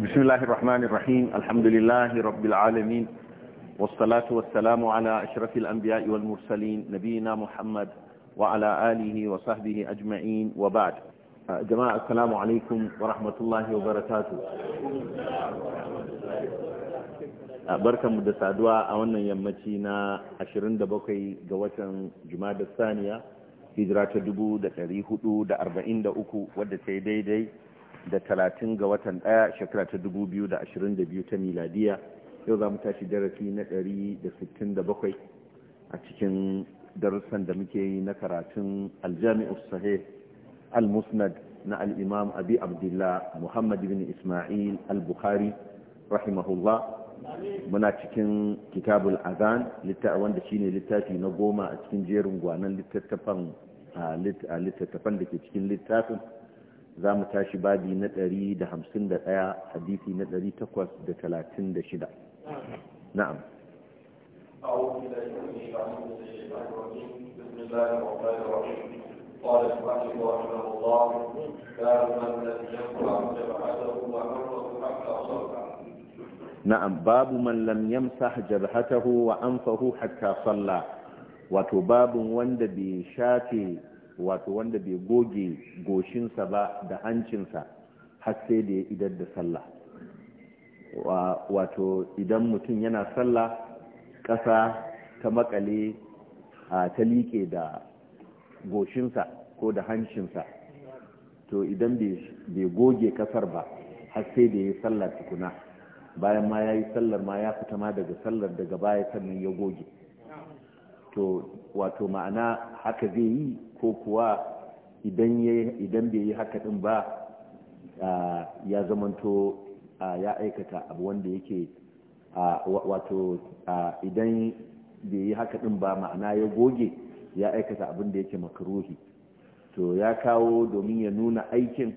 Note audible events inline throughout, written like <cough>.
بسم الله الرحمن الرحيم الحمد لله رب العالمين والصلاة والسلام على أشرف الأنبياء والمرسلين نبينا محمد وعلى آله وصحبه أجمعين وبعد جماعة السلام عليكم ورحمة الله وبركاته بركة مدسة دواء أولا يمتينا أشرين دبوكي جواتا جمادة الثانية هجرات دبو دا تاريخ دو دا أربعين دا أكو ودا تيدي دي, دي da talatin ga watan ɗaya shekara ta dubu biyu da ashirin da biyu ta miladiya yau za mu tashi darasi na ɗari da sittin da bakwai a cikin darussan da muke yi na karatun aljami'u sahih al-musnad na al abi abdullah muhammad bin isma'il al-bukhari rahimahullah muna cikin kitabul azan wanda shine littafi na goma a cikin jerin gwanan littattafan littattafan da ke cikin littafin za mu tashi babi na 151 hadisi na 836 na'am أعوذ بالله من الشيطان الرجيم بسم الله الرحمن الرحيم قال المحمد رحمه الله باب من لم يمسح جبهته وأنفه حتى صلى نعم باب من لم يمسح جبهته وأنفه حتى صلى wato babin wanda bai shafe wato wanda bai goge goshinsa ba da hancinsa har sai da ya idar da sallah wato idan mutum yana sallah ƙasa ta makale ta liƙe da goshinsa ko da hancinsa to idan bai goge ƙasar ba har sai da ya sallah tukuna bayan ma ya yi sallar ma ya fita ma daga sallar daga baya sannan ya goge to wato ma'ana haka zai yi ko kuwa idan bai yi haka din ba ya zamanto ya aikata abu wanda yake wato idan bai yi haka din ba ma'ana ya goge ya aikata abin da yake makaruhi to ya kawo domin ya nuna aikin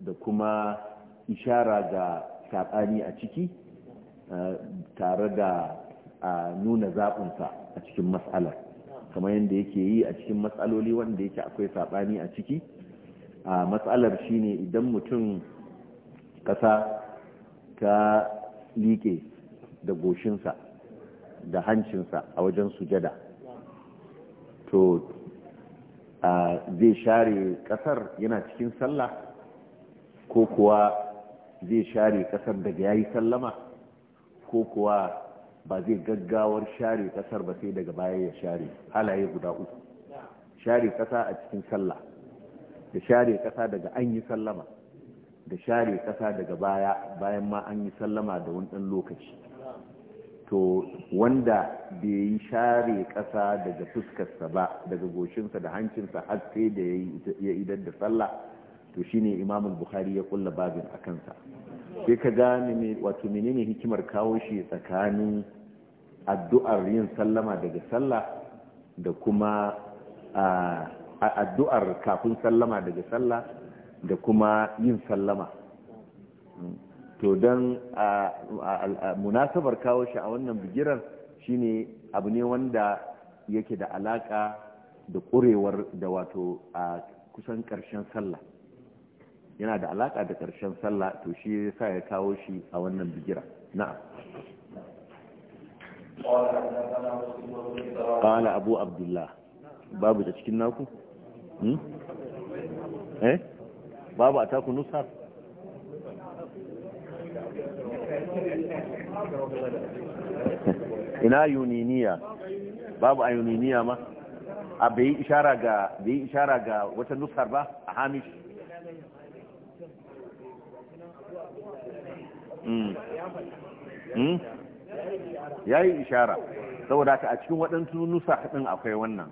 da kuma ishara ga saɓani a ciki tare da nuna zaɓinsa a cikin matsalar kamar yadda yake yi a cikin matsaloli wanda yake akwai saɓani a ciki a matsalar shine idan mutum ƙasa ta liƙe da goshinsa da hancinsa a wajen sujada to a zai share ƙasar yana cikin sallah ko kuwa zai share ƙasar daga yayi sallama ko kuwa ba zai gaggawar share kasar ba sai daga baya ya share halaye guda uku share kasa a cikin sallah da share kasa daga an yi sallama da share kasa daga baya bayan ma an yi sallama da wani ɗan lokaci to wanda bai yi share kasa daga fuskarsa ba daga goshinsa da hancinsa har sai da ya idar da sallah to shi ne imamun bukhari ya kulla babin a kansa sai ka gane wato menene hikimar kawo shi tsakanin addu'ar yin sallama daga sallah da kuma addu'ar kafin sallama daga sallah da kuma yin sallama to don munasabar kawo shi a wannan bigirar shine abu ne wanda yake da alaka da ƙurewar da wato a kusan ƙarshen sallah yana da alaƙa da ƙarshen sallah to shi ya sa ya kawo shi a wannan bigira na'am qala abu abdullah babu da cikin naku hmm? eh babu a taku nusa <laughs> ina yuniniya babu a yuniniya ma a bai ishara ga wata nusar ba a hamish Mm. Mm? ya yi ishara saboda ka a cikin waɗansu nusa ɗin akwai wannan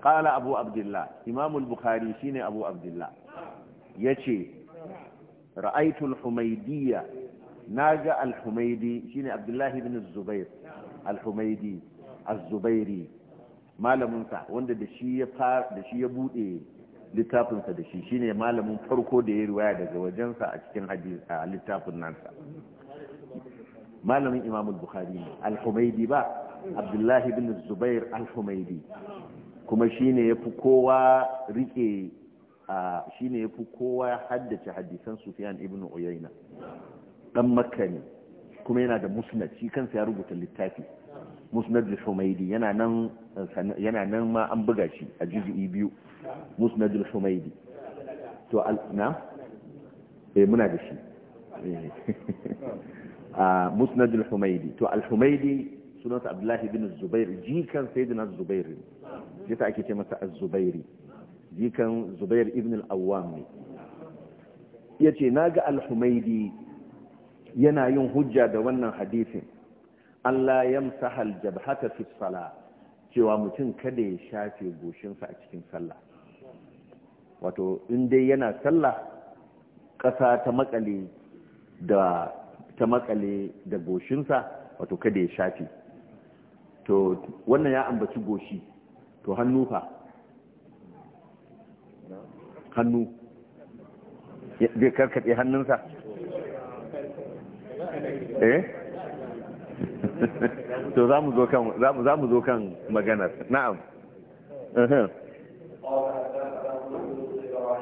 ƙala abu abdullah imamul bukhari shine abu abdullah ya ce ra'aitul humaidiyya na ga alhumaidi shine abdullahi bin zubair alhumaidi azubairi malaminsa wanda da shi ya buɗe littafinsa da shi shine malamin farko da ya riwaya daga wajensa a cikin a littafin nansa malamin imam al-bukhari ne al humaydi ba abdullahi bin zubair al humaydi kuma shine yafi kowa rike shine yafi kowa haddace hadisan sufyan ibn uyayna dan makka ne kuma yana da musnad shi kansa ya rubuta littafi musnad al humaydi yana nan yana nan ma an buga shi a juz'i biyu musnadul humaidi to na eh muna da shi eh. <laughs> ah, musnadul humaidi to al-humaidi sunansa abdullahi bin zubair jikan sayyidina zubair yasa ake ce masa az-zubairi jikan zubair ibn al-awwam ne yace naga al-humaidi yana yin hujja da wannan hadisin Allah yamsaha al-jabhata fi cewa mutum kada ya shafe goshinsa a cikin sallah wato in dai yana sallah ƙasa ta makale da ta makale da goshinsa wato kada ya shafi to wannan ya ambaci goshi to hannu fa hannu zai karkaɗe hannunsa eh <laughs> to za mu zo kan maganar na'am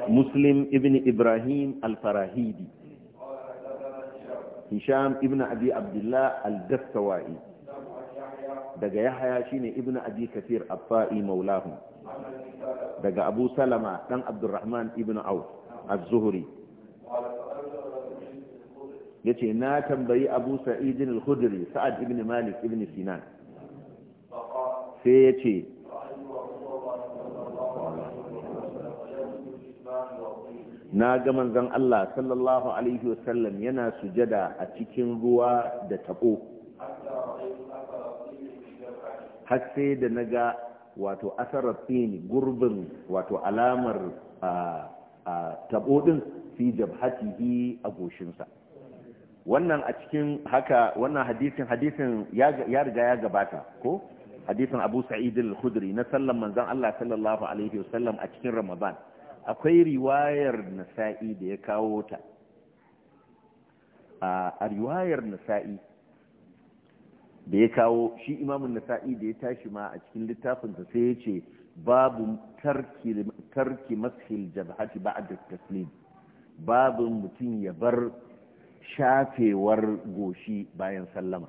muslim ibn ibrahim al-farahidi hisham ibn abi abdullah al-dastawa'i daga yahaya shine ibn abi kafir al-fa'i maulahum daga abu salama dan abdurrahman ibn auf az-zuhri yace na tambayi abu sa'id al-khudri sa'ad ibn malik ibn sinan sai yace na ga manzon Allah sallallahu alaihi wasallam yana sujada a cikin ruwa da tabo har sai da na ga wato asarar tsini gurbin wato alamar tabo din fi jabhatihi a goshinsa wannan a cikin haka wannan hadisin hadisin ya riga ya gabata ko hadisin abu sa'id al-khudri na sallan manzon Allah sallallahu alaihi wasallam a cikin ramadan akwai riwayar nasa'i da ya kawo ta a riwayar nasa'i da ya kawo shi imamun nasa'i da ya tashi ma a cikin littafinsa sai ya ce babu tarki mashil jabhati ba'da taslim babu mutum ya bar shafewar goshi bayan sallama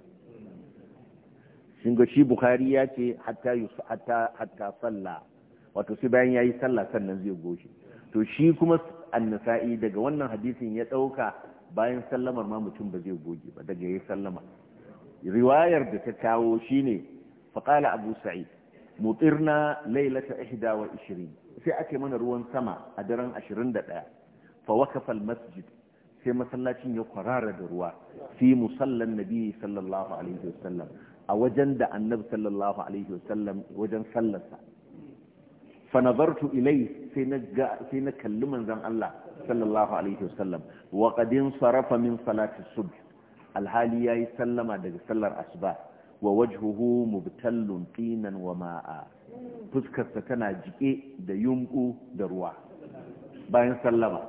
shingo shi bukhari ya ce hatta hatta salla wato sai bayan ya yi sallah sannan zai goshi to shi kuma annasa'i daga wannan hadisin ya ɗauka bayan sallamar ma mutum ba zai goge ba daga ya sallama riwayar da ta kawo shine faƙala abu sa'id mutirna lailata ihda wa ishirin sai ake mana ruwan sama a daren ashirin da ɗaya fa wakafal masjid sai masallacin ya kwarara da ruwa fi musallan nabi sallallahu alaihi wasallam a wajen da annabi sallallahu alaihi wasallam wajen sallarsa fa ilai sai na kalli manzan Allah sallallahu alaihi wasallam wa qadin sarafa min salati subh alhali yayi sallama daga sallar asuba wa wajhuhu mubtallun qinan wa ma'a fuskarsa tana jike da yunku da ruwa bayan sallama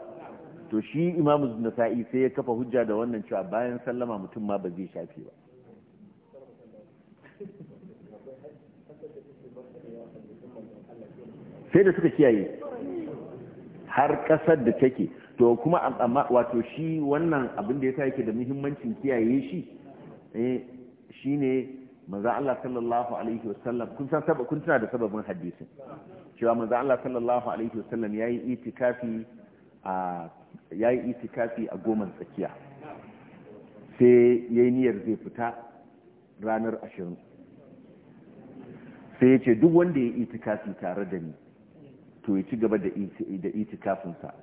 to shi imamu nasa'i sai ya kafa hujja da wannan cewa bayan sallama mutum ma ba zai shafe ba sai da suka kiyaye har kasar da take to kuma amma wato shi wannan abin da ya sake yake da muhimmancin kiyaye shi eh shine manzo Allah sallallahu alaihi wasallam kun san kun tuna da sababin hadisin cewa manzo Allah sallallahu alaihi wasallam yayi itikafi a yayi itikafi a goman tsakiya sai yayi niyyar zai fita ranar 20 sai ya ce duk wanda ya itikafi tare da ni to ya ci gaba da itikafinsa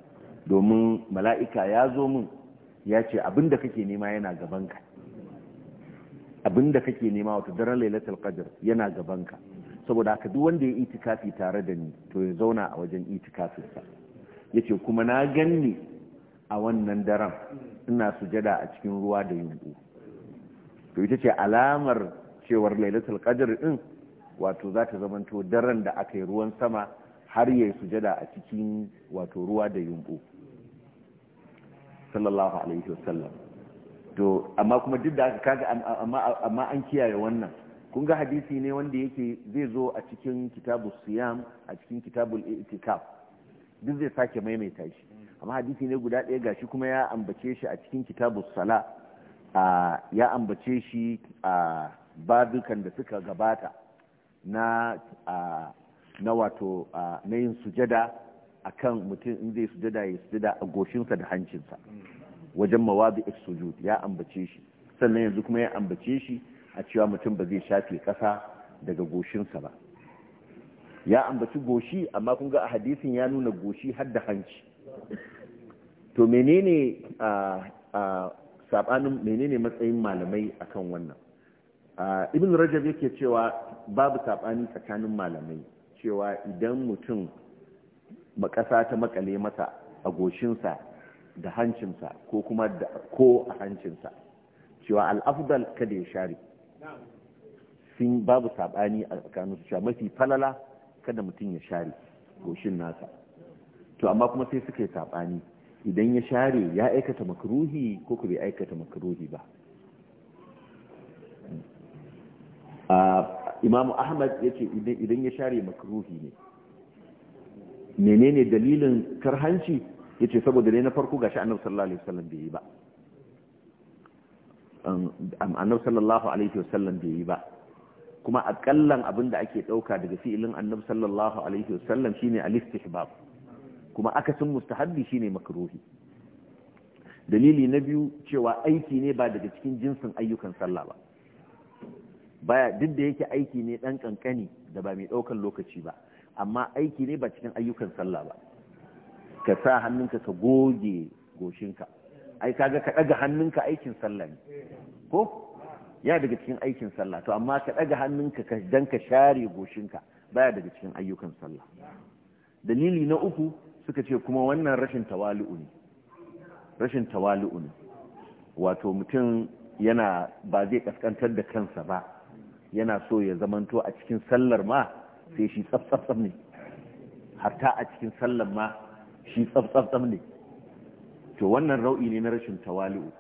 domin mala'ika ya zo min ya ce abinda kake nema yana gabanka abinda kake nema wata daren lailatul qadr yana gabanka saboda haka duk wanda ya itikafi tare da ni to ya zauna a wajen itikafinsa ce kuma na ganni a wannan daren ina sujada a cikin ruwa da yunbu to ita ce alamar cewar lailatul qadr din wato za ta zamanto daren da aka yi ruwan sama har ya sujada a cikin wato ruwa da yumbu sallallahu alaihi wasallam to amma kuma duk da kaga amma amma an kiyaye wannan kun ga hadisi ne wanda yake zai zo a cikin kitabu siyam a cikin kitabul itikaf duk zai sake maimaita shi amma hadisi ne guda ɗaya gashi kuma ya ambace shi a cikin kitabu sala ya ambace shi a babukan da suka gabata na na wato na yin sujada a kan mutum in zai sujada ya sujada a goshinsa da hancinsa wajen mawadi sujud ya ambace shi sannan yanzu kuma ya ambace shi a cewa mutum ba zai shafe kasa daga goshinsa ba ya ambaci goshi amma kun ga a hadisin ya nuna goshi har da hanci to menene a sabanin menene matsayin malamai akan wannan ibn rajab yake cewa babu saɓani tsakanin malamai cewa idan mutum ƙasa ta makale masa a goshinsa da hancinsa ko kuma da ko a hancinsa cewa al'afdal kada ya share sun babu saɓani a tsakanin su cewa mafi falala kada mutum ya share goshin nasa to amma kuma sai suka yi saɓani idan ya share ya aikata makruhi ko ku bai aikata makruhi ba imamu ahmad ya ce idan ya share makruhi ne menene dalilin karhanci ya ce saboda ne na farko gashi annabi sallallahu alaihi wasallam bai yi ba annabi sallallahu alaihi wasallam bai yi ba kuma akallan abin da ake dauka daga fi'ilin annabi sallallahu alaihi wasallam shine al-istihbab kuma akasin mustahabbi shine makruhi dalili na biyu cewa aiki ne ba daga cikin jinsin ayyukan sallah ba baya duk da yake aiki ne dan kankani da ba mai daukan lokaci ba amma aiki ne ba cikin ayyukan sallah ba ka sa hannunka ka goge goshinka ai kaga ka daga hannunka aikin sallah ne ko ya daga cikin aikin sallah to amma ka daga hannunka ka dan ka share goshinka baya daga cikin ayyukan sallah dalili na uku suka ce kuma wannan rashin tawali'u ne rashin tawali'u ne wato mutum yana ba zai kaskantar da kansa ba yana so ya zamanto a cikin sallar ma sai shi tsaf ne hatta a cikin sallar ma shi tsaf ne to wannan rau'i ne na rashin tawali'u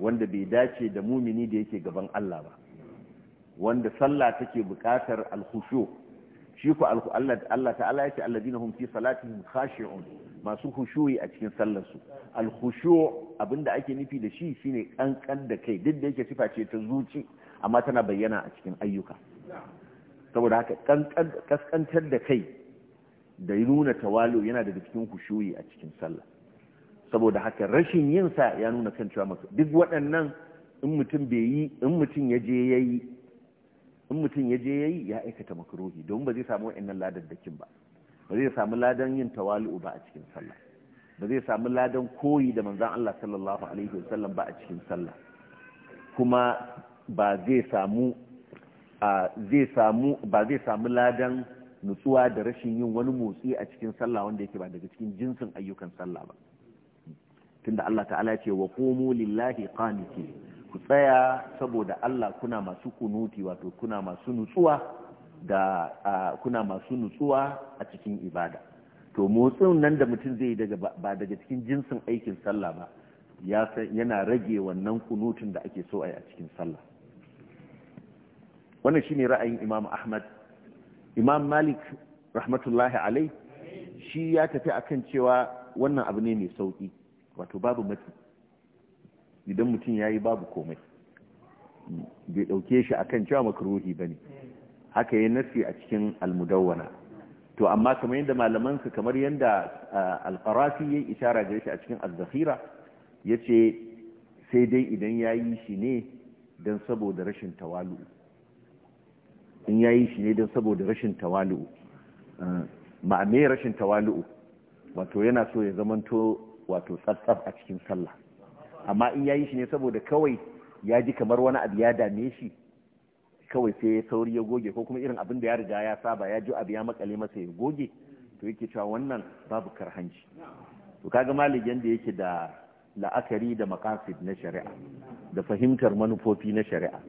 wanda bai dace da mumini da yake gaban Allah ba wanda sallah take buƙatar alhusho shi ku Allah ta'ala yake alladina hum fi salatihim khashi'un masu khushu'i a cikin sallar su alkhushu abinda ake nufi da shi shine kankan da kai duk da yake sifa ce ta zuci amma tana bayyana a cikin ayyuka saboda haka kaskantar da kai da nuna tawalo yana da cikin hushuyi a cikin sallah saboda haka rashin yin sa ya nuna kan cewa masu duk waɗannan in mutum bai yi in mutum ya je yayi in mutum ya je yi ya aikata makruhi don ba zai samu wa'annan ladaddakin ba ba zai samu ladan yin tawali'u ba a cikin sallah ba zai samu ladan koyi da manzan Allah sallallahu alaihi wasallam ba a cikin sallah kuma ba zai samu ladan nutsuwa da rashin yin wani motsi a cikin sallah wanda yake ba daga cikin jinsin ayyukan sallah ba tunda Allah ta'ala ce wa qumu lillahi qaniti ku tsaya saboda Allah kuna masu kunuti wato kuna masu nutsuwa da kuna masu nutsuwa a cikin ibada to motsin nan da mutum zai daga ba daga cikin jinsin aikin sallah ba yana rage wannan kunutun da ake so a cikin sallah wannan shine ra'ayin imam ahmad imam malik rahmatullahi alai shi ya tafi akan cewa wannan abu ne mai sauki wato babu mati idan mutum ya yi babu komai bai ɗauke shi a kan cewa makaruhi ba ne haka yi nasi a cikin almudawwana to amma kamar yadda malamansa kamar yadda alfarafi ya yi ishara ga shi a cikin azzahira ya ce sai dai idan ya yi shi ne don saboda rashin tawalu in yayi shi ne don saboda rashin tawali'u ma me rashin tawali'u wato yana so ya zamanto wato tsatsar a cikin sallah amma in yayi shi ne saboda kawai ya ji kamar wani abu ya dame shi kawai sai ya sauri ya goge ko kuma irin abin da ya riga ya saba ya ji abu ya makale masa ya goge to yake cewa wannan babu karhanci to kaga malikin da yake da la'akari da maqasid na shari'a da fahimtar manufofi na shari'a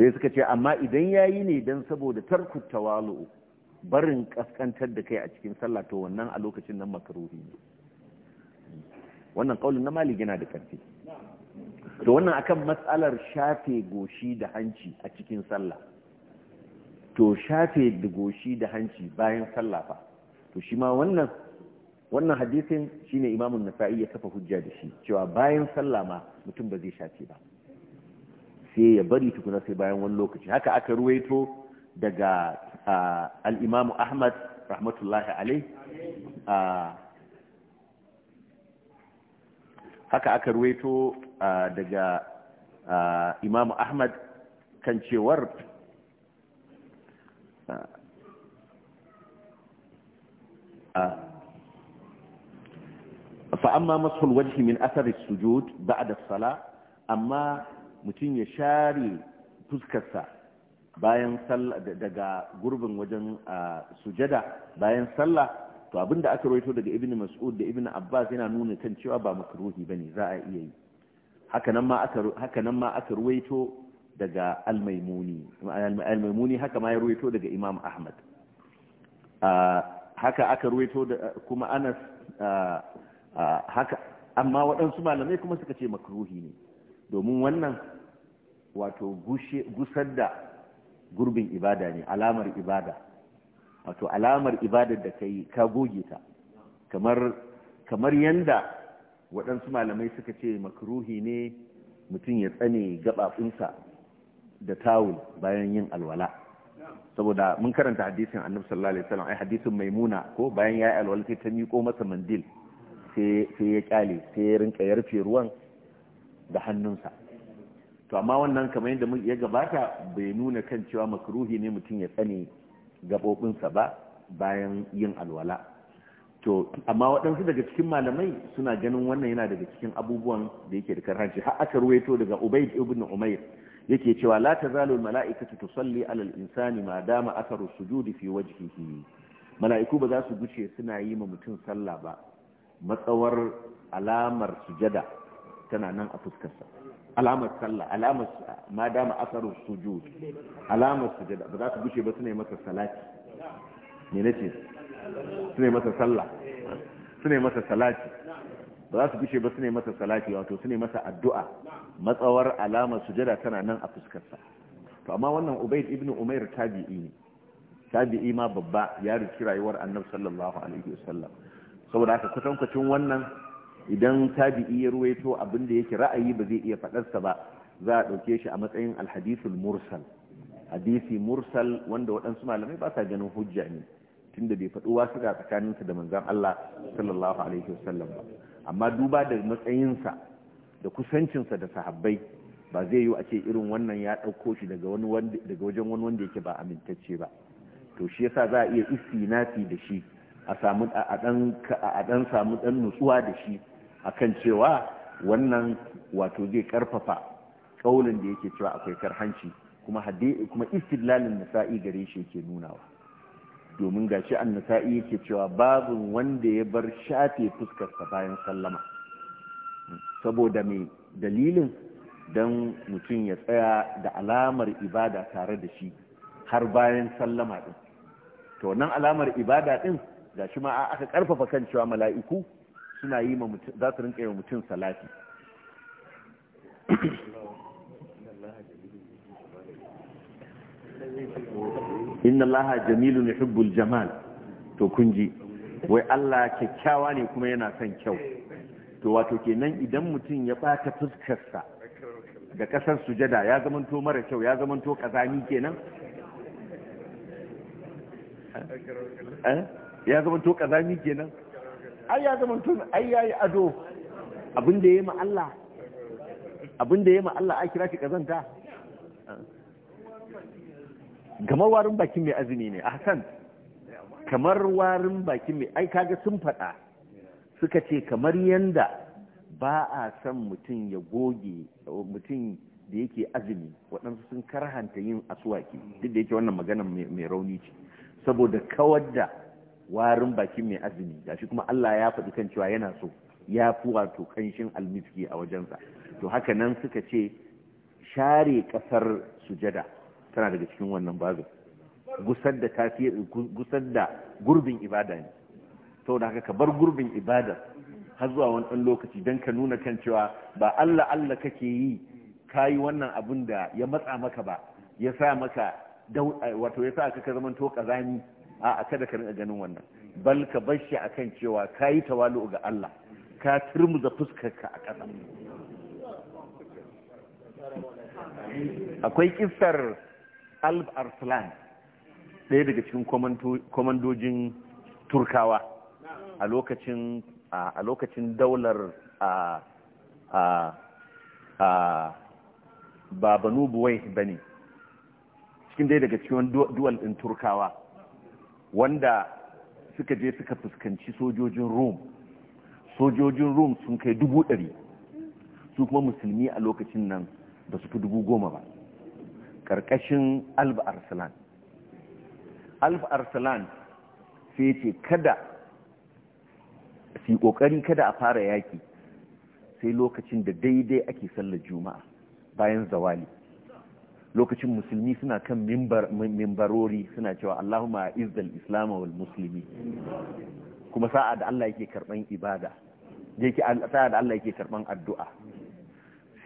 sai suka ce amma idan yayi ne don saboda tarkuta walo barin kaskantar da kai a cikin sallah to wannan a lokacin nan makaruhi ne wannan kaulin na malik yana da karfi to wannan akan matsalar shafe goshi da hanci a cikin sallah to shafe da goshi da hanci bayan sallah fa to shi ma wannan wannan hadisin shine imamun nasa'i ya kafa hujja da shi cewa bayan sallah ma mutum ba zai shafe ba sai ya bari tukuna sai bayan wani lokaci haka aka ruwaito daga al'imamu ahmad rahmatullahi alai haka aka ruwaito daga imamu ahmad kan cewar fa'amma masu مسح الوجه من أثر السجود da sala, amma. mutum ya share fuskarsa bayan sallah daga gurbin wajen sujada bayan sallah to abinda aka rawaito daga ibn mas'ud da ibn abbas yana nuna kan cewa ba makruhi bane za a iya yi haka nan ma aka haka nan ma aka rawaito daga al-maimuni al-maimuni haka ma ya rawaito daga imam ahmad haka aka rawaito da kuma anas haka amma waɗansu malamai kuma suka ce makruhi ne domin wannan wato gusar da gurbin ibada ne alamar ibada wato alamar ibadar da ka yi ka goge ta kamar yanda waɗansu malamai suka ce makruhi ne mutum ya tsane gaɓaɓinsa da tawul bayan yin alwala saboda mun karanta hadisin annabi sallallahu alaihi wasallam ai hadisin maimuna ko bayan yayi alwala sai ta miko masa mandil sai ya kyale sai ya rinka yarfe ruwan da hannunsa to amma wannan kamar yadda ya gabata bai nuna kan cewa makruhi ne mutum ya tsane gabobinsa ba bayan yin alwala to amma waɗansu daga cikin malamai suna ganin wannan yana daga cikin abubuwan da yake da karhanci har aka ruwaito daga ubaid ibn umair yake cewa la tazalu al mala'ikatu tusalli ala al insani ma dama atharu sujudi fi wajhihi mala'iku ba za su guce suna yi ma mutum sallah ba matsawar alamar sujada tana nan a fuskarsa alamar sallah alamar ma dama asarun sujud alamar sujada ba za su gushe ba suna masa salati ne nace suna masa sallah suna masa salati ba za su gushe ba suna masa salati wato suna masa addu'a matsawar alamar sujada tana nan a fuskarsa to amma wannan Ubaid ibn umair tabi'i ne tabi'i ma babba ya riki rayuwar annabi sallallahu alaihi wasallam saboda haka kutankucin wannan idan tabi'i ya ruwaito abin da yake ra'ayi ba zai iya faɗarsa ba za a ɗauke shi a matsayin alhadithul mursal hadisi mursal wanda waɗansu malamai ba sa ganin hujja ne tunda bai faɗi wasu ga tsakaninsa da manzon Allah sallallahu alaihi wasallam ba amma duba da matsayinsa da kusancinsa da sahabbai ba zai yi a ce irin wannan ya ɗauko shi daga wajen wani wanda yake ba amintacce ba to shi yasa za a iya istinafi da shi a ɗan samu ɗan nutsuwa da shi akan cewa wannan wato zai karfafa kaulin da yake cewa akwai karhanci kuma hadisi kuma istidlalin nasa'i gare shi yake nunawa domin gashi an nasa'i yake cewa babu wanda ya bar shafe fuskar sa bayan sallama saboda mai dalilin dan mutum ya tsaya da alamar ibada tare da shi har bayan sallama din to wannan alamar ibada din gashi ma aka karfafa kan cewa mala'iku suna yi ma mutum za su rinka yi wa mutum salati inna allaha jamilun yuhibbul jamal to kun wai Allah kyakkyawa ne kuma yana son kyau to wato kenan idan mutum ya bata fuskarsa ga ƙasar sujada ya zamanto mara kyau ya zamanto kazami kenan eh? ya zamanto kazami kenan ai ya zama tun ai ya yi ado abinda ya yi ma'alla abinda ya yi ma'alla a kira shi kazanta kamar warin bakin mai azumi ne a hasan kamar warin bakin mai ai kaga sun faɗa suka ce kamar yanda ba a san mutum ya goge mutum da yake azumi waɗansu sun karhanta yin asuwaki duk da yake wannan magana mai rauni ce saboda kawar da warin bakin mai azumi gashi kuma Allah ya faɗi kan cewa yana so ya fi wato kanshin almiski a wajensa to haka nan suka ce share ƙasar sujada tana daga cikin wannan bazin gusar da gusar da gurbin ibada ne da haka ka bar gurbin ibada har zuwa wani ɗan lokaci don ka nuna kan cewa ba Allah Allah kake yi ka yi wannan abun da ya matsa maka ba ya sa maka wato ya sa ka zama zamanto kazani a'a kada ka rinka ganin wannan bal ka bar shi akan cewa ka yi tawalu ga Allah ka turmuza ka a ƙasa akwai kissar alf arslan ɗaya daga cikin kwamandojin turkawa a lokacin a lokacin daular a a a ba buwai bane cikin ɗaya daga cikin duwal ɗin turkawa wanda suka je suka fuskanci sojojin rum sojojin rum sun kai dubu ɗari su kuma musulmi a lokacin nan da su fi dubu goma ba ƙarƙashin alba arsalan alb arsalan sai ce kada su ƙoƙari kada a fara yaƙi sai lokacin da daidai ake sallar juma'a bayan zawali lokacin musulmi suna kan mimbarori suna cewa Allahumma izdal islam wal muslimi kuma sa'a da Allah yake karban ibada yake sa'a da Allah yake karban addu'a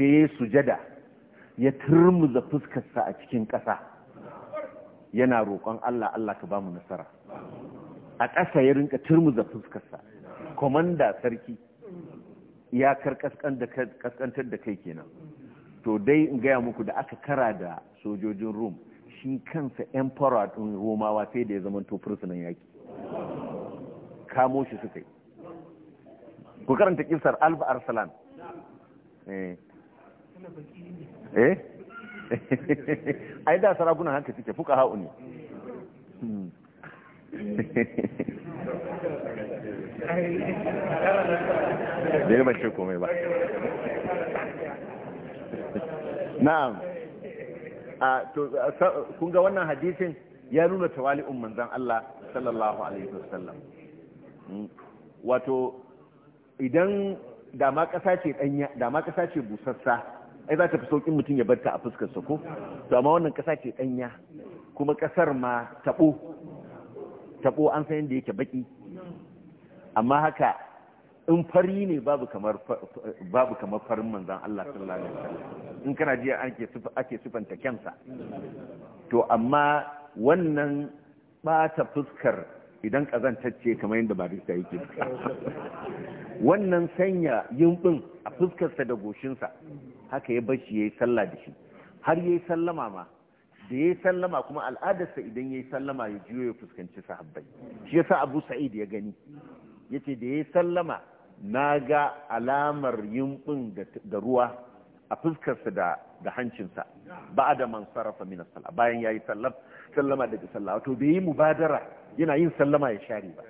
sai sujada ya turmuza fuskarsa a cikin ƙasa yana roƙon Allah Allah ka bamu nasara a ƙasa ya rinka turmuza fuskarsa komanda sarki ya karkaskantar da kai kenan to dai in gaya muku da aka kara da sojojin rum shi kansa emperor din romawa sai da ya zama to prisoner yaki kamo shi suka yi ku karanta kisar alba arsalan eh eh <laughs> ai da sarakunan haka suke fuka ha'u ne hmm. <laughs> bai ba shi komai ba na'am kun ga wannan hadisin ya nuna tawali'un manzon Allah sallallahu alaihi wasallam hmm. wato idan dama ma ce da ma kasa ce busassa ai za ta fi saukin mutum ya barta a fuskar sa ko to amma wannan kasa ce danya kuma ƙasar ma taɓo tabo an san yadda yake baƙi amma haka in fari ne babu kamar farin manzan Allah sallallahu alaihi wasallam in kana ji ake ake sifanta kansa to amma wannan bata fuskar idan kazantacce kamar yadda barista yake wannan sanya yumbin a fuskarsa da goshinsa haka ya bashi yayi sallah da shi har yayi sallama ma da yayi sallama kuma al'adarsa idan yayi sallama ya juyo ya fuskanci sahabbai shi yasa Abu Sa'id ya gani yace da yayi sallama na ga alamar yimɓin da ruwa a fuskarsa da hancinsa ba da man sarrafa min sallah bayan ya yi sallama daga sallah wato bai yi mubadara yana yin sallama ya share ba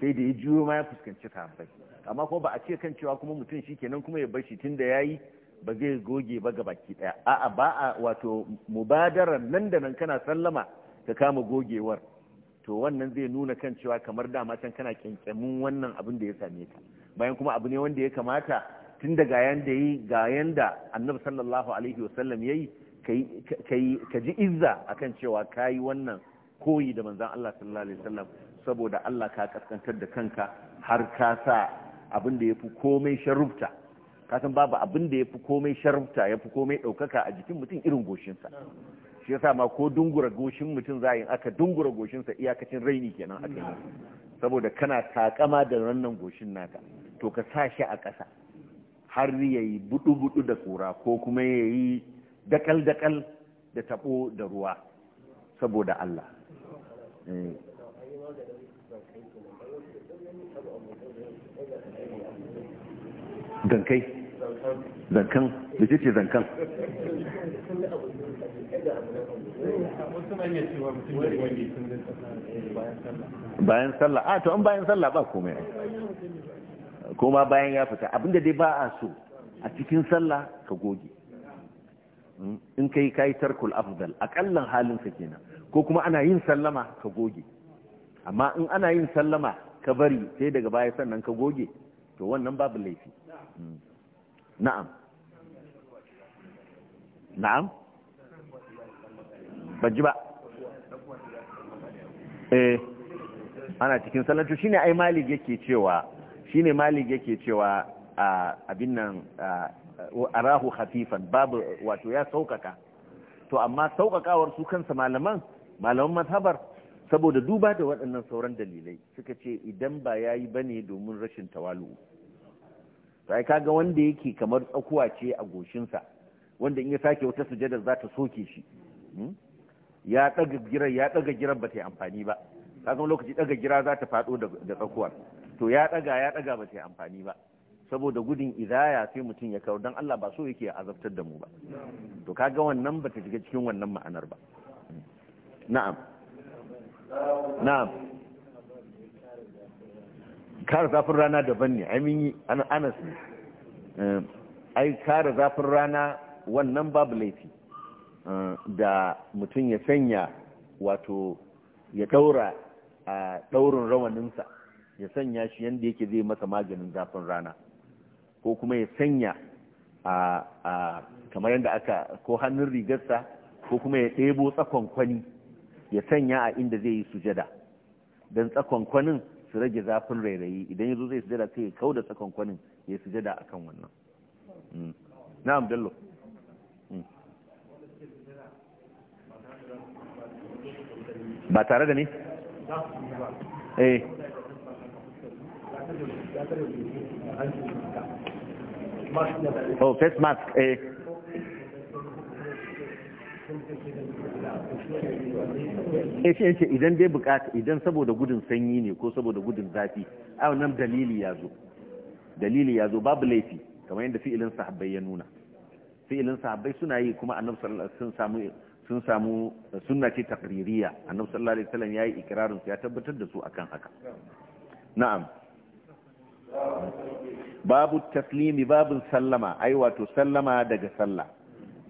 sai da ya juyo ma ya fuskanci sahabbai amma kuma ba a ce kan cewa kuma mutum shi kenan kuma ya tun da ya yi ba zai goge ba ga baki daya a'a ba a wato mubadarar nan da nan kana sallama ka kama gogewar to wannan zai nuna kan cewa kamar dama can kana kyankyamin wannan abin da ya same ka bayan kuma abu ne wanda ya kamata tun da ga yanda yi ga yanda annabi sallallahu alaihi wasallam yayi kai ka ji izza akan cewa kayi wannan koyi da manzon Allah sallallahu alaihi wasallam saboda Allah ka kaskantar da kanka har ka sa abin da yafi komai sharufta ka san babu abin da yafi komai sharufta yafi komai daukaka a jikin mutum irin goshinsa shi yasa ma ko dungura goshin mutum za yi aka dungura goshinsa iyakacin raini kenan aka yi saboda kana takama da rannan goshin naka to ka sa shi a ƙasa har ya yi buɗu-buɗu da ƙura ko kuma ya yi dakal daƙal da taɓo da ruwa saboda Allah dankai eh. zankan da ce ce zankan bayan sallah a to an bayan sallah ba komai kuma bayan ya fita abinda dai ba a so a cikin sallah ka goge hmm? in kai kai tarkul afdal akallan halinsa kenan ko kuma ana yin sallama ka goge amma in ana yin sallama ka bari sai daga baya sannan ka goge to wannan babu laifi hmm. na'am na'am ban ji ba eh ana cikin salatu shine ai malik yake cewa shine malik yake cewa abin nan arahu khafifan babu wato ya saukaka to amma saukakawar su kansa malaman malaman mazhabar saboda duba da waɗannan sauran dalilai suka ce idan ba yayi bane domin rashin tawalu sai kaga wanda yake kamar tsakuwa ce a goshinsa wanda in ya sake wata sujadar za ta soke shi hmm? ya daga girar ya daga girar ba ta yi amfani ba kaga lokaci daga gira za ta fado da tsakuwar to ya daga ya daga ba ta yi amfani ba saboda gudun izaya sai mutum ya kawo don Allah ba so yake azabtar da mu ba to kaga wannan ba ta shiga cikin wannan ma'anar ba hmm. na'am na'am kare zafin rana daban ne ai mun yi anas ne eh, ai kare zafin rana wannan babu laifi eh, da mutum ya sanya wato ya daura a daurin rawaninsa ya sanya shi yadda yake zai masa maganin zafin rana ko kuma ya sanya a kamar yadda aka ko hannun rigarsa ko kuma ya ɗebo tsakon kwani ya sanya a inda zai yi sujada don tsakon kwanin su rage zafin rairayi idan yanzu zai sujada sai ya da tsakon kwanin ya sujada kan wannan mm. na'am dallo mm. ba tare da ne eh oh face mask eh Eh, ya ce idan dai bukata idan saboda gudun sanyi ne ko saboda gudun zafi a wannan dalili ya zo dalili ya zo babu laifi kamar yadda fi'ilin sahabbai ya nuna fi'ilin sahabbai suna yi kuma annabi sallallahu alaihi wasallam sun samu sunna ce taqririya annabi sallallahu alaihi wasallam yayi ikrarin ya tabbatar da su akan haka na'am babu taslimi babun sallama ai wato sallama daga sallah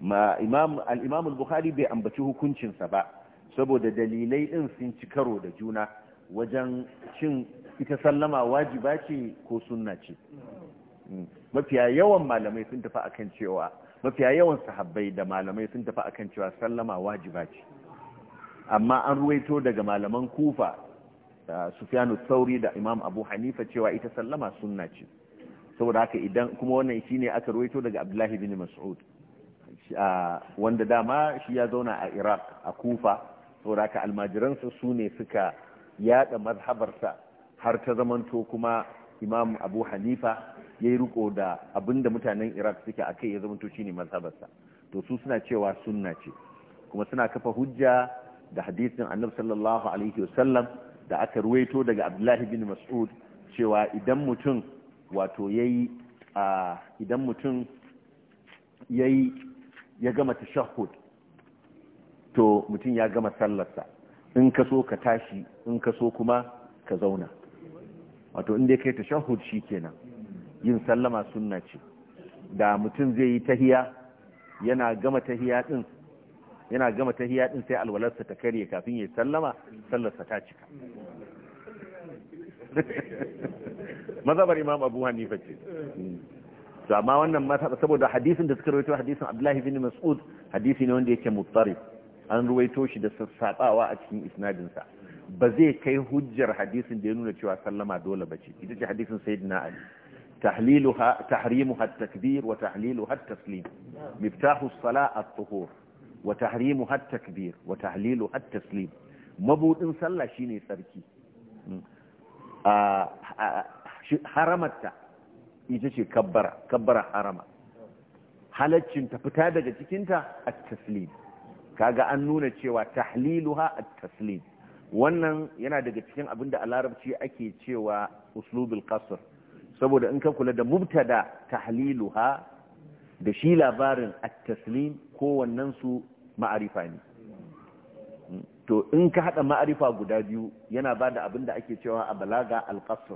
ma imam al-imam al-bukhari bai ambaci hukuncin sa ba saboda dalilai ɗin sun ci karo da juna wajen cin ita sallama wajiba ce ko sunna ce mm. mafiya yawan malamai sun tafi akan cewa mafiya yawan sahabbai da malamai sun tafi akan cewa sallama wajiba ce amma an ruwaito daga malaman kufa sufyanu sauri da imam abu hanifa cewa ita sallama sunna ce saboda haka idan kuma wannan shi ne aka ruwaito daga abdullahi bin mas'ud wanda dama shi ya zauna a iraq a kufa sauraka almajiransa su ne suka yada mazhabarsa har ta zamanto kuma imam abu hanifa ya yi riko da abinda mutanen iraq suke a kai ya zamanto shi ne mazhabarsa to su suna cewa sunna ce kuma suna kafa hujja da hadisin annabi sallallahu alaihi wasallam da aka ruwaito daga abdullahi bin mas'ud cewa idan mutum wato yayi idan mutum yayi ya gama tashahhud to mutum ya gama sallarsa in ka so ka tashi in ka so kuma ka zauna wato inda kai ta shi kenan yin sallama sunna ce da mutum zai yi tahiya yana gama tahiya din yana gama tahiya din sai alwalarsa ta karye kafin ya sallama sallarsa ta cika <laughs> mazhabar imam abu hanifa ce amma wannan saboda hadisin da suka rawaito hadisin abdullahi bin mas'ud hadisi ne wanda yake mutsarif an ruwaito shi da sassaɓawa a cikin isnadinsa ba zai kai hujjar hadisin da ya nuna cewa sallama dole ba ce ita ce hadisin na ali tahliluha tahrimuha at-takbir wa tahliluha at-taslim miftahu sala salah at-tuhur wa tahrimuha at-takbir wa tahliluha at-taslim mabudin sallah shine tsarki hmm. haramarta ita ce kabbara kabbara harama halaccin ta fita daga cikinta at-taslim kaga an nuna cewa tahliluha at-taslim wannan yana daga cikin abinda a larabci ake cewa uslubul qasr saboda in ka kula da mubtada tahliluha da shi labarin at-taslim wannan su ma'arifa ne to in ka hada ma'arifa guda biyu yana bada abinda ake cewa a balaga al-qasr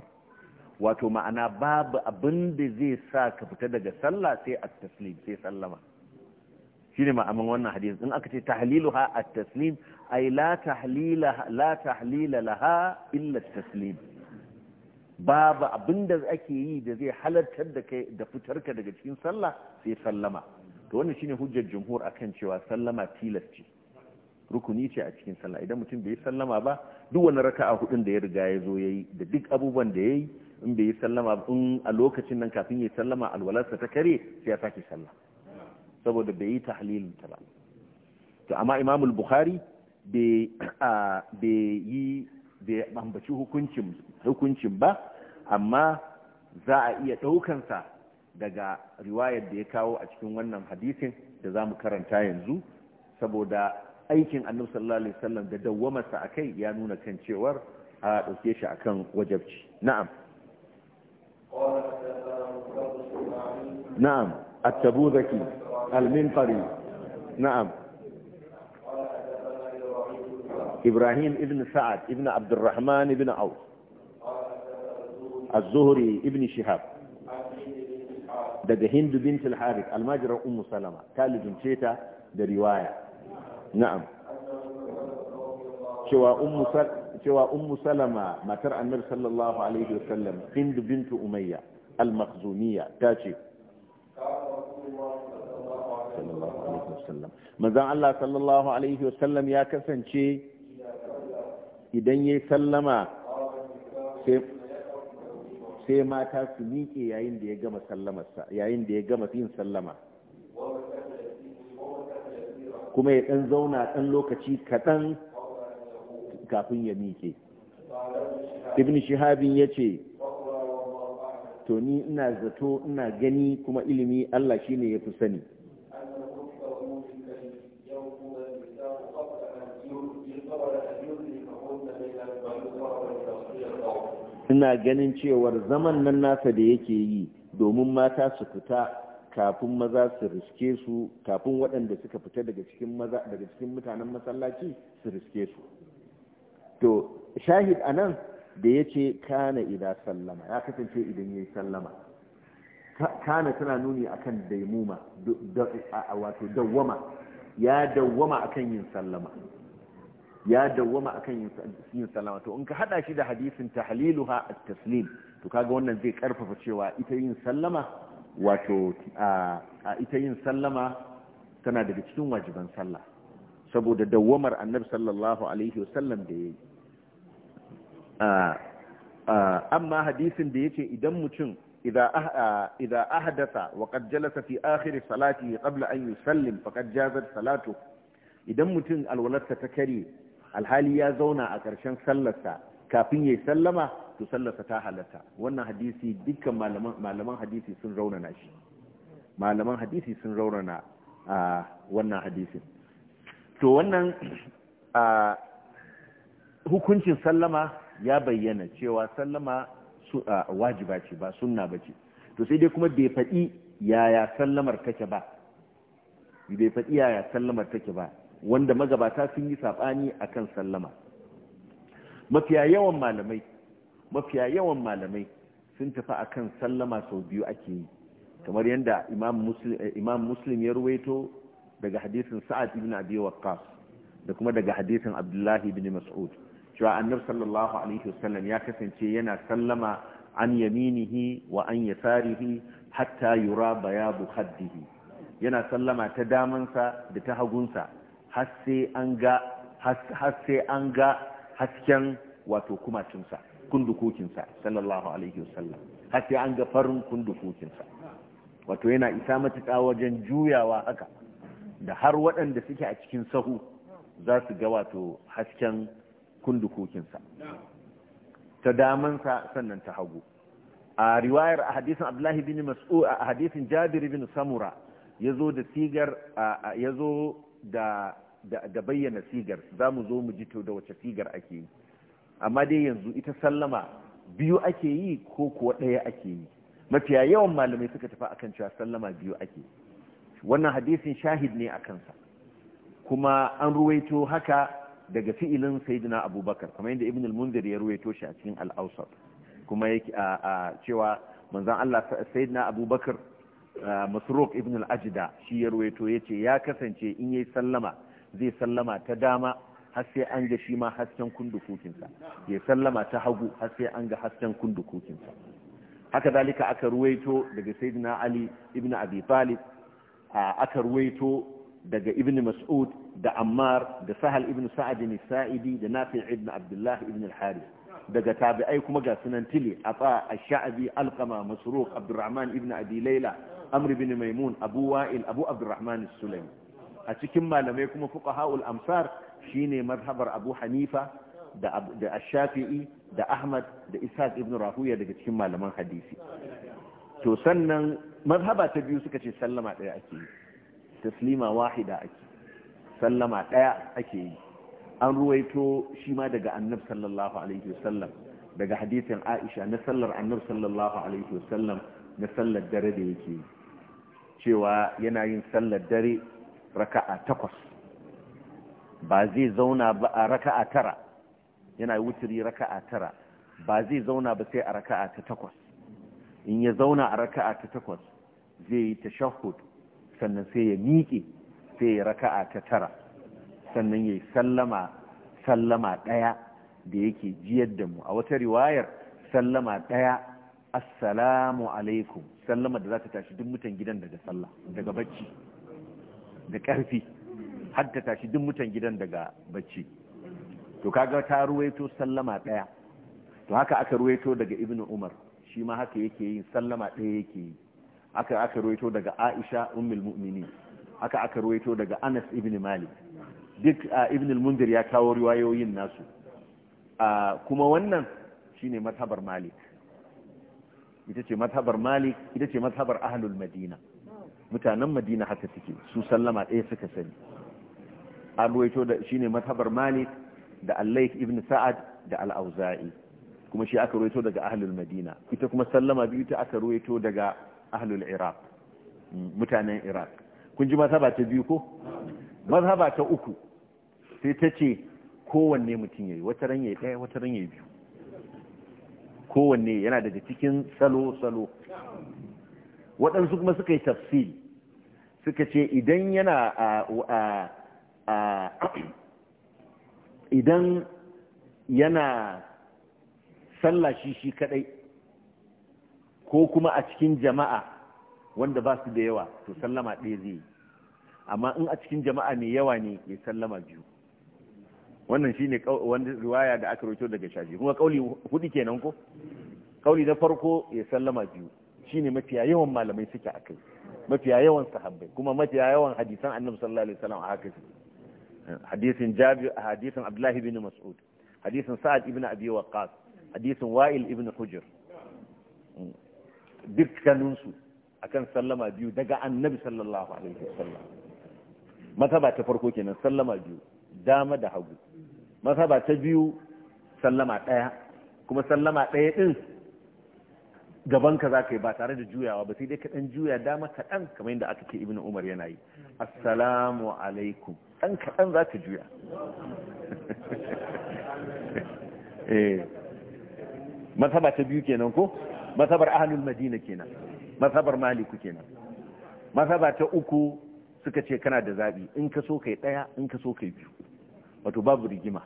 wato ma'ana babu abinda zai sa ka fita daga sallah sai at-taslim sai sallama shine ma'aman wannan hadisi in aka ce tahliluha a taslim ay la tahlila la tahlila laha illa at-taslim babu abinda ake yi da zai halartar da kai da fitarka daga cikin sallah sai sallama to wannan shine hujjar jumhur akan cewa sallama tilas ce rukuni ce a cikin sallah idan mutum bai sallama ba duk wani raka'a hudun da ya riga ya zo yayi da duk abubuwan da yayi in bai sallama in a lokacin nan kafin ya sallama alwalarsa ta kare sai ya sake sallah saboda bai yi tahlilin ta ba to amma imamul bukhari bai yi bai ambaci hukuncin hukuncin ba amma za a iya ɗaukansa daga riwayar da ya kawo a cikin wannan hadisin da za mu karanta yanzu saboda aikin annabi sallallahu alaihi wasallam da dawwamarsa kai, ya nuna kan cewar a ɗauke shi akan wajabci na'am na'am at-tabuzaki المنقري نعم إبراهيم ابن سعد ابن عبد الرحمن ابن عوف الزهري ابن شهاب daga hindu bint al-harith almajirar ummu salama talibin ce ta da riwaya na'am cewa ummu salama matar annabi sallallahu alaihi wasallam hindu bintu umayya al tace wasallam manzon Allah sallallahu alaihi wasallam ya kasance idan yayi sallama sai mata su miƙe yayin da ya gama sallamarsa yayin da ya gama yin sallama kuma ya ɗan zauna ɗan lokaci kaɗan kafin ya miƙe ibn shihabin ya ce to ni ina zato ina gani kuma ilimi Allah shine ya fi sani suna ganin cewar zaman nan nasa da yake yi domin mata su fita kafin maza su riske su kafin waɗanda suka fita daga cikin maza daga cikin mutanen masallaci su riske su to shahid nan da ya ce kana idan sallama ya kasance idan ya yi sallama kana tana nuni akan daimuma wato dawwama ya dawwama akan yin sallama ya dawwama akan yin salama to in ka hada shi da hadisin tahliluha at-taslim to kaga wannan zai karfafa cewa ita yin sallama wato a ita yin sallama tana daga cikin wajiban sallah saboda dawwamar annabi sallallahu alaihi wasallam da yayi amma hadisin da yace idan mutum ah, idza ahdatha wa qad jalasa fi akhir salatihi qabla an yusallim faqad jazat salatu idan mutum alwalarsa ta kare alhali ya zauna a ƙarshen sallarsa kafin ya yi sallama to sallarsa ta halatta wannan hadisi dukkan malaman hadisi sun raunana shi malaman hadisi sun raunana a wannan hadisin to wannan hukuncin sallama ya bayyana cewa sallama su a wajiba ce ba sunna ba ce to sai dai kuma bai faɗi yaya sallamar take ba bai faɗi yaya sallamar take ba wanda magabata sun yi saɓani a kan sallama mafiya yawan malamai mafiya yawan malamai sun tafi a kan sallama sau biyu ake yi kamar yadda imam muslim eh, ya ruwaito daga hadisin sa'ad ibn abi waqqas da kuma daga hadisin abdullahi ibn mas'ud cewa annab sallallahu alaihi wasallam ya kasance yana sallama an yaminihi wa an yasarihi hatta yura bayabu haddihi yana sallama ta damansa da ta hagunsa har sai an ga hasken wato kumacinsa kundukokinsa sallallahu alaihi wasallam har sai an ga farin kundukokinsa wato yana isa matuƙa wajen juyawa haka da har waɗanda suke a cikin sahu za su ga wato hasken kundukokinsa ta damansa sannan ta hagu a riwayar a hadisin abdullahi bin mas'u a hadisin jabir bin samura ya zo da sigar ya zo da da bayyana sigar za mu zo mu ji to da wace sigar ake yi amma dai yanzu ita sallama biyu ake yi ko kuwa ɗaya ake yi mafiya yawan malamai suka tafi akan cewa sallama biyu ake wannan hadisin shahid ne a kansa kuma an ruwaito haka daga fi'ilin sayyidina abubakar kamar yadda ibn al-munzir ya ruwaito shi a cikin al kuma yake a cewa manzon Allah sayyidina abubakar masruq ibn al-ajda shi ya ruwaito yace ya kasance in yayi sallama zai sallama ta dama har sai an ga shi ma hasken kundukukinsa ya sallama ta hagu har sai an ga hasken kundukukinsa haka zalika aka ruwaito daga sayyidina ali ibn abi talib aka ruwaito daga ibn mas'ud da ammar da sahal ibn sa'ad ibn sa'idi da nafi' ibn abdullah ibn al-harith daga tabi'ai kuma ga sunan tili afa ash-sha'bi alqama masruq abdurrahman ibn abi layla amr ibn maimun abu wa'il abu abdurrahman as-sulaimi a cikin malamai kuma fuqaha'ul amsar shine mazhabar Abu Hanifa da Ashafi'i da Ahmad da Ishaq ibn Rahuya daga cikin malaman hadisi to sannan mazhaba ta biyu suka ce sallama daya ake yi taslima wahida ake sallama daya ake yi an ruwaito shi ma daga annab sallallahu alaihi wasallam daga hadisin Aisha na sallar annab sallallahu alaihi wasallam na sallar dare da yake cewa yana yin sallar dare raka'a takwas ba zai zauna ba a raka'a tara yana wuturi raka'a tara ba zai zauna ba sai a raka'a ta takwas in ya zauna a raka'a ta takwas zai yi ta shahud sannan sai ya miƙe sai ya raka'a ta tara sannan ya yi sallama sallama ɗaya da yake jiyar da mu a wata riwayar sallama ɗaya assalamu alaikum sallama da za ta tashi duk mutan gidan daga sallah daga bacci da ƙarfi haddata tashi duk mutan gidan daga bacci to kaga ta ruwaito sallama ɗaya to haka aka ruwaito daga ibn umar shi ma haka yake yi sallama ɗaya yake yi aka aka ruwaito daga aisha ummul mu'minin haka aka ruwaito daga anas ibn malik duk ibn al mundhir ya kawo riwayoyin nasu kuma wannan shine mazhabar malik ita ce mazhabar malik ita ce mazhabar ahlul madina mutanen madina haka suke su sallama ɗaya suka sani an ruwaito da ne mazhabar malik da allaik ibn sa'ad da al kuma shi aka ruwaito daga ahlul madina ita kuma sallama biyu ta aka ruwaito daga ahlul iraq mm, mutanen iraq kun ji mazhaba ta biyu ko mazhaba ta uku sai ta ce kowanne mutum ya yi, wata ran yayi ɗaya wata ran yayi biyu kowanne yana daga cikin salo salo waɗansu kuma suka yi tafsiri suka ce idan yana a idan yana sallashi shi kadai ko kuma a cikin jama'a wanda ba su da yawa to sallama ɗaya zai yi amma in a cikin jama'a mai yawa ne ya sallama biyu wannan shi ne wani riwaya da aka roto daga shafi kuma kauli hudu kenan ko kauli na farko ya sallama biyu shine mafiya yawan malamai suke a kai mafiya yawan sahabbai kuma mafiya yawan hadisan annabi sallallahu alaihi wasallam a haka hadisin hadisin abdullahi ibn mas'ud hadisin sa'ad ibn abi hadisin wa'il ibn hujr dukkaninsu akan sallama biyu daga annabi sallallahu alaihi wasallam ta farko kenan sallama biyu dama da hagu mazhaba ta biyu sallama ɗaya kuma sallama ɗaya ɗin gaban ka zaka yi ba tare da juyawa ba sai dai ka dan juya dama kaɗan kamar yadda aka ce ibnu umar yana yi assalamu alaikum dan ka za ka juya <laughs> eh masaba ta biyu kenan ko masabar ahlul madina kenan masabar maliku kenan masaba ta uku suka ce kana da zaɓi in ka so kai ɗaya in ka so kai biyu wato babu rigima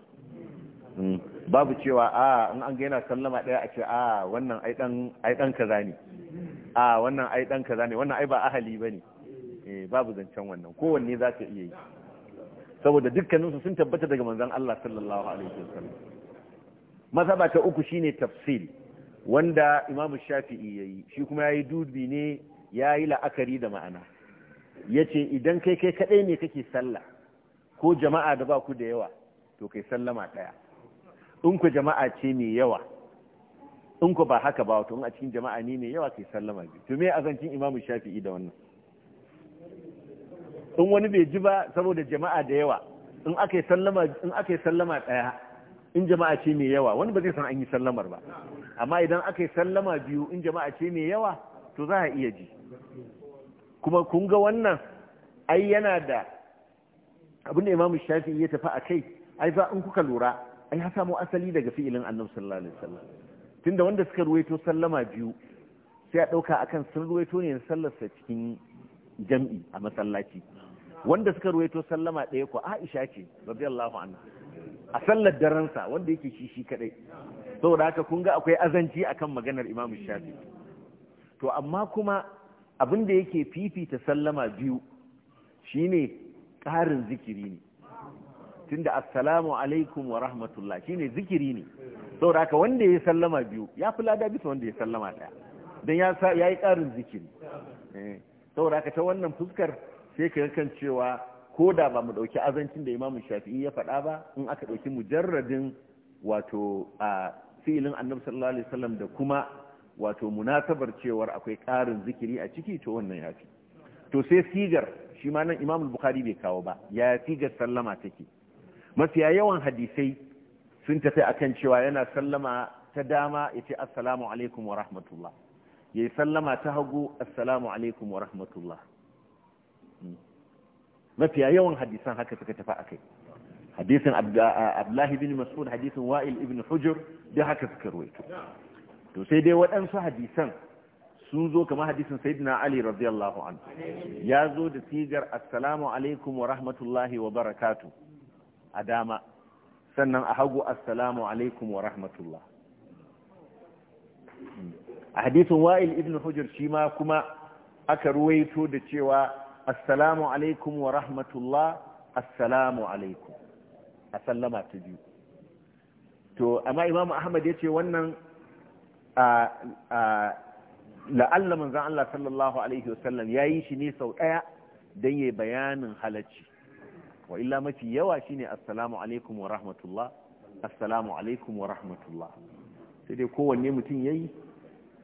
hmm. babu cewa a in an ga yana sallama ɗaya a ce a wannan ai dan kaza ne a wannan ai dan kaza ne wannan ai ba ahali ba ne eh, babu zancen wannan kowanne za ka iya yi saboda dukkaninsu sun tabbata daga manzan Allah sallallahu alaihi wasallam mazhaba ta uku shine tafsil wanda imamu shafi'i yayi shi kuma yayi dubi ne yayi la'akari da ma'ana yace idan kai kai kadai ne kake sallah ko jama'a da ba ku da yawa to kai sallama daya in ku jama'a ce mai yawa in ku ba haka ba wato in a cikin jama'a ne mai yawa kai sallama biyu to me azancin imamu shafi'i da wannan in wani bai ji ba saboda jama'a da yawa in aka yi sallama in aka yi sallama daya in jama'a ce mai yawa wani ba zai san an yi sallamar ba amma idan aka yi sallama biyu in jama'a ce mai yawa to za a iya ji kuma kun ga wannan ai yana da abin da imamu shafi'i ya tafi a kai ai za in kuka lura ai ya samu asali daga fi'ilin annabi sallallahu alaihi wasallam tunda wanda suka ruwaito sallama biyu sai a dauka akan sun ruwaito ne sallarsa cikin jam'i a masallaci wanda suka ruwaito sallama ɗaya ko Aisha ce radiyallahu anha a sallar daren sa wanda yake shi shi kadai saboda haka kun ga akwai azanci akan maganar Imam Shafi to amma kuma abin da yake fifita sallama biyu shine karin zikiri ne tunda assalamu alaikum wa rahmatullah shine zikiri ne saboda haka wanda ya sallama biyu ya fi lada bisa wanda ya sallama daya dan ya yi ƙarin zikiri eh, saboda haka ta wannan fuskar sai ka kan cewa ko da ba mu ɗauki azancin da imamu shafi'i ya faɗa ba in aka ɗauki mujarradin wato a filin annabi sallallahu alaihi wasallam da kuma wato munasabar cewar akwai karin zikiri a ciki to wannan yafi to sai sigar shi ma nan imamu bukhari bai kawo ba ya sigar sallama take mafiya yawan hadisai sun tafi kan cewa yana sallama ta dama ya ce assalamu alaikum wa rahmatullah ya yi sallama ta hagu assalamu alaikum wa rahmatullah hmm. mafiya yawan hadisan haka suka tafi a kai hadisin abdullahi bin mas'ud hadisin wa'il ibn hujur da haka suka ruwaito to sai dai waɗansu hadisan sun zo kamar hadisin sayyidina ali radiyallahu anhu ya zo da sigar assalamu alaikum wa rahmatullahi wa barakatuh a dama sannan a hagu assalamu alaikum wa rahmatullah a hadithin wa'il ibn hujjar shi ma kuma aka ruwaito da cewa assalamu alaikum wa rahmatullah assalamu alaikum a sallama ta biyu to amma imamu ahmad ya ce wannan la'allaman za'an Allah sallallahu alaihi wasallam ya yi shi ne sau ɗaya don yi bayanin halacci wa illa mafi yawa shine assalamu alaikum wa rahmatullah assalamu alaikum wa rahmatullah sai dai kowanne mutum yayi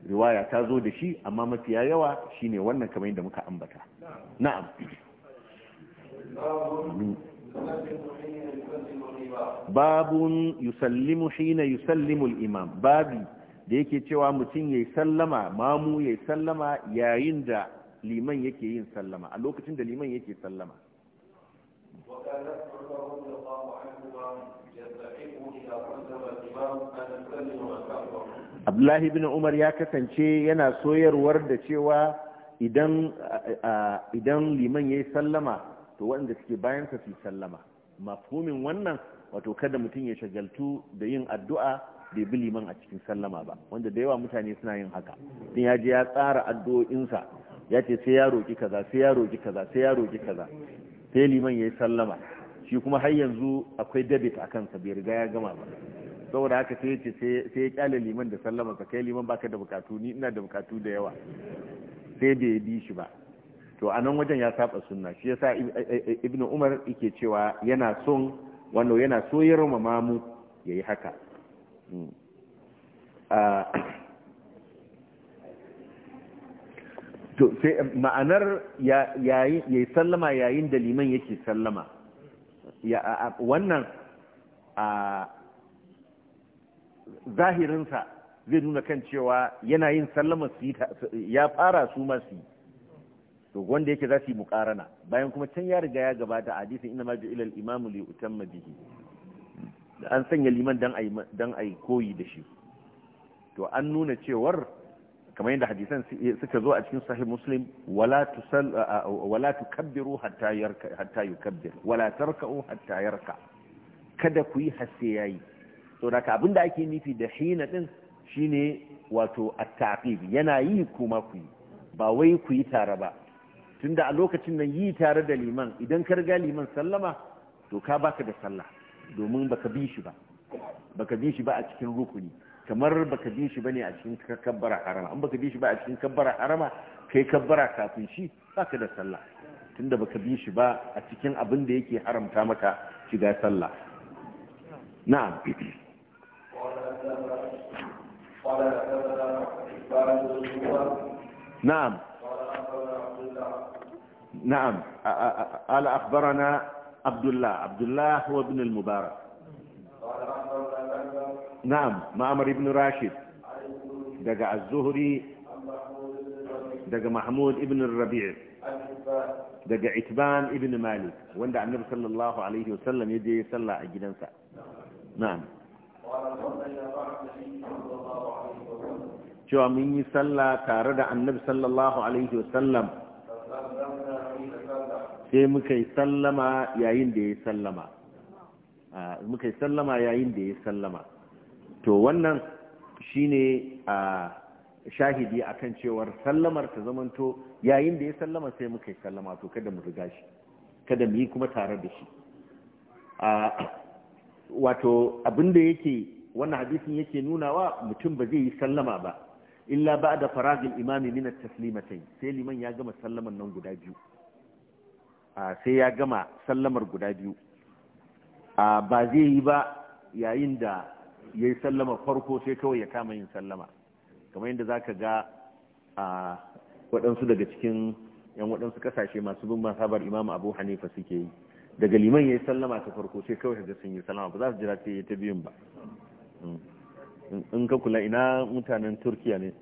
riwaya ta zo da shi amma mafi yawa shine wannan kamar yadda muka ambata na'am babun yusallimu hina yusallimu al-imam babi da yake cewa mutum yayi sallama mamu yayi sallama yayin da liman yake yin sallama a lokacin da liman yake sallama نتركه يقام Abdullahi bin Umar ya kasance yana soyarwar da cewa idan idan liman yi sallama to waɗanda suke bayansa su su sallama mafhumin wannan wato kada mutum ya shagaltu da yin addu'a bai bi liman a cikin sallama ba wanda da yawa mutane suna yin haka din ya je ya tsara addu'o'insa ya ce sai ya roƙi kaza sai ya roƙi kaza sai ya roƙi kaza sai liman ya yi sallama shi kuma har yanzu akwai debit a kansa bai riga ya gama ba saboda haka sai ce sai ya kyale liman da sallama ka kai liman ka da bukatu ni ina da bukatu da yawa sai bai bi shi ba to a nan wajen ya saba sunna shi yasa ibn umar yake cewa yana son wannan yana so ya mamu yayi haka hmm. ah, to sai ma'anar ya yi sallama yayin da liman yake sallama wannan a zahirinsa zai nuna kan cewa yana yin sallama ya fara su masu to wanda yake za su yi mukarana bayan kuma can ya riga ya gabata a hadisin ina maji ilal imamu li utamma bihi an sanya liman dan a yi koyi da shi to an nuna cewar kamar yadda hadisan eh, suka zo a cikin sahih muslim wala tusal wala tukabbiru hatta yarka hatta yukabbir wala tarka'u hatta yarka kada ku yi hasse yayi to da abinda ake nufi da hina din shine wato at-taqib yana yi kuma ku yi ba wai ku yi tare ba tunda a lokacin nan yi tare da liman idan ka riga liman sallama to ka baka da sallah domin baka bi shi ba baka bi shi ba a cikin rukuni kamar baka bi shi bane a cikin kabbara harama an baka bi shi ba a cikin kabbara harama kai kabbara kafin shi baka da sallah tunda baka bi shi ba a cikin abin da yake haramta maka shiga sallah na'am نعم نعم قال أخبرنا عبد الله عبد الله هو ابن المبارك na'am ma'amar ibn rashid daga az-zuhri daga mahmud ibn rabi' daga itban ibn malik wanda annabi sallallahu alaihi wasallam ya je a gidansa na'am cewa mun yi sallah tare da annabi sallallahu alaihi sai muka yi sallama yayin da ya sallama ah, muka yi sallama yayin da ya sallama to wannan shine a shahidi akan cewar sallamar ta zamanto yayin da ya sallama sai muka yi sallama to kada mu riga shi kada mu yi kuma tare da shi wato abinda da yake wannan hadisin yake nuna wa mutum ba zai yi sallama ba illa ba da faragil imami min taslimatai sai liman ya gama sallaman nan guda biyu sai ya gama sallamar guda biyu ba zai yi ba yayin da ya yi sallama farko sai kawai ya kama yin sallama kamar yadda za ka ga a waɗansu daga cikin yan waɗansu ƙasashe masu bin masabar imam abu hanifa suke yi daga liman ya yi sallama ta farko sai kawai ga sun yi sallama ba za su jira sai ta biyun ba hmm. in ka kula ina mutanen turkiya ne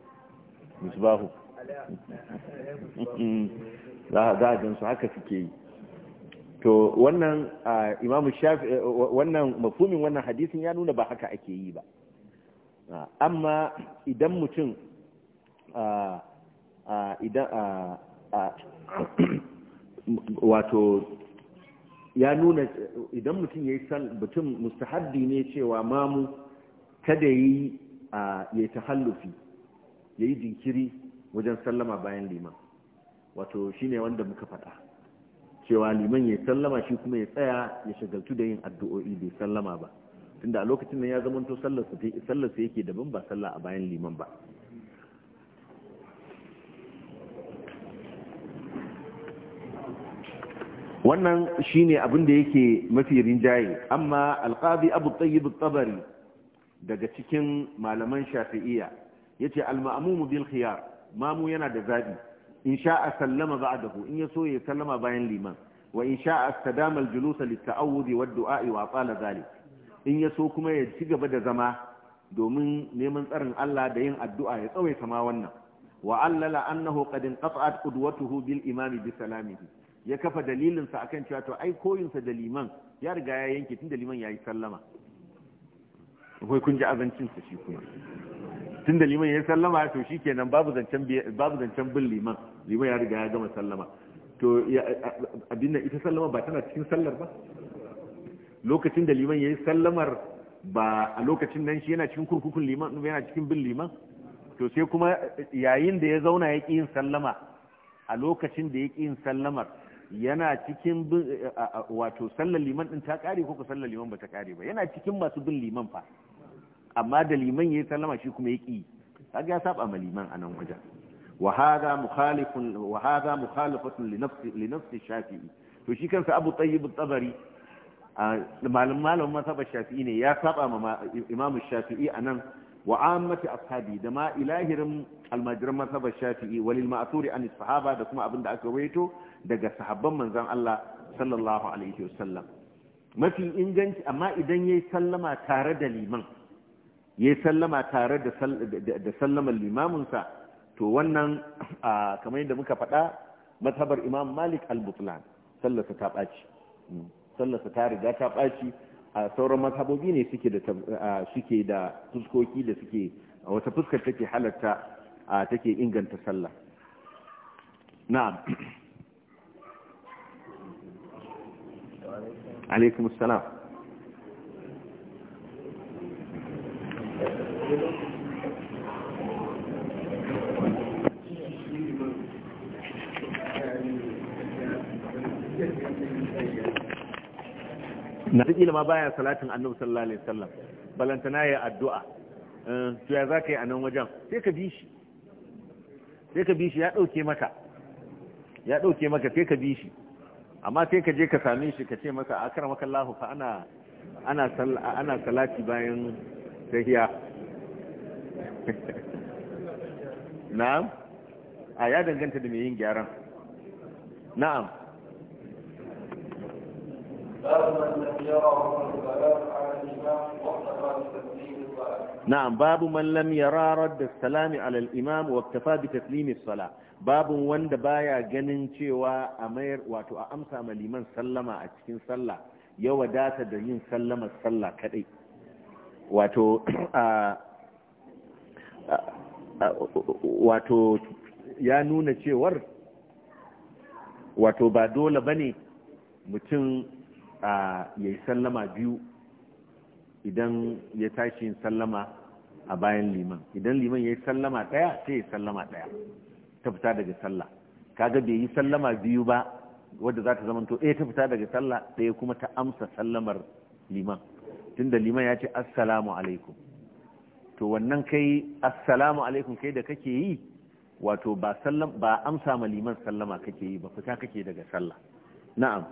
bahu <laughs> hmm. za a gansu haka suke yi to wannan imamu shafi eh, wannan mafumin wannan hadisin ya nuna ba haka ake yi ba amma idan mutum idan <coughs> wato ya nuna idan mutum ya yi mutum ne cewa mamu kada yi ya yi ta hallufi ya yi jinkiri wajen sallama bayan liman wato shine wanda muka faɗa cewa liman ya sallama shi kuma ya tsaya ya shagaltu da yin addu'o'i bai sallama ba tunda a lokacin nan ya zamanto sallarsa sallarsa yake daban ba sallah a bayan liman ba wannan shine abin da yake mafi rinjaye amma alqadi abu tayyib at-tabari daga cikin malaman shafi'iyya yace al-ma'mum bil khiyar mamu yana da zabi in sha'a sallama ba'dahu in ya so ya sallama bayan liman wa in sha'a istadama al-julus lit-ta'awudi wad-du'a wa qala zalik in ya so kuma ya ci gaba da zama domin neman tsarin Allah da yin addu'a ya tsawaita ma wannan wa allala annahu qad inqata'at qudwatuhu bil imami bi salamihi ya kafa dalilin sa akan cewa to ai da liman ya riga ya yanke sallama akwai kun shi kuma tunda sallama babu zancen babu zancen bin liman liman ya riga ya gama sallama to abin ita sallama ba tana cikin sallar ba lokacin da liman ya yi sallamar ba a lokacin nan shi yana cikin kurkukun liman yana cikin bin liman to sai kuma yayin da ya zauna ya ƙi yin sallama a lokacin da ya ƙi yin sallamar yana cikin wato sallar liman ɗin ta kare ko sallar liman ba ta ƙare ba yana cikin masu bin liman fa amma da liman ya yi sallama shi kuma ya ƙi kaga ya saba ma liman a nan wajen وهذا مخالف وهذا مخالفة لنفس لنفس الشافعي to shi kansa Abu Tayyib al-Tabari masaba Shafi'i ne ya saba ma Imam Shafi'i anan wa ammati ashabi da ma ilahirin almajiran masaba Shafi'i walil ma'thuri an sahaba da kuma abinda aka waito daga sahabban manzon Allah sallallahu alaihi wasallam mafi inganci amma idan yayi sallama tare da liman yayi sallama tare da da sallaman limaminsa to wannan <clears throat> kamar yadda muka faɗa mazhabar imam malik al-butlan sallarsa ta ɓaci mm. sallarsa ta riga ta ɓaci a sauran mazhabobi ne suke da suke da fuskoki da suke wata fuskar take halarta take inganta sallah na'am <clears throat> alaikum assalam na ta ilima baya salatin annabi sallallahu alaihi wasallam balantana ya addu'a eh, to ya zaka yi a nan wajen sai ka bi shi sai ka bi shi ya dauke maka ya dauke maka sai ka bi shi amma sai ka je ka same shi ka ce masa akramaka Allah fa ana ana ana salati bayan tahiya <laughs> na'am a ya danganta da mai yin gyaran na'am na'am babu man lam yara radda salami ala al-imam wa iktafa bi sala babu wanda baya ganin cewa a mayar wato a amsa ma liman sallama a cikin sallah ya wadata da yin sallamar sallah kadai wato ya nuna cewar wato ba dole bane mutum ya yi sallama biyu idan ya tashi yin sallama a bayan liman idan liman ya yi sallama ɗaya sai ya sallama ɗaya ta fita daga sallah kaga bai yi sallama biyu ba wadda za ta zamanto ɗaya ta fita daga sallah ɗaya kuma ta amsa sallamar liman tunda liman ya ce assalamu alaikum to wannan kai assalamu alaikum kai da kake yi wato ba amsa ma liman sallama kake yi ba fita kake daga sallah na'am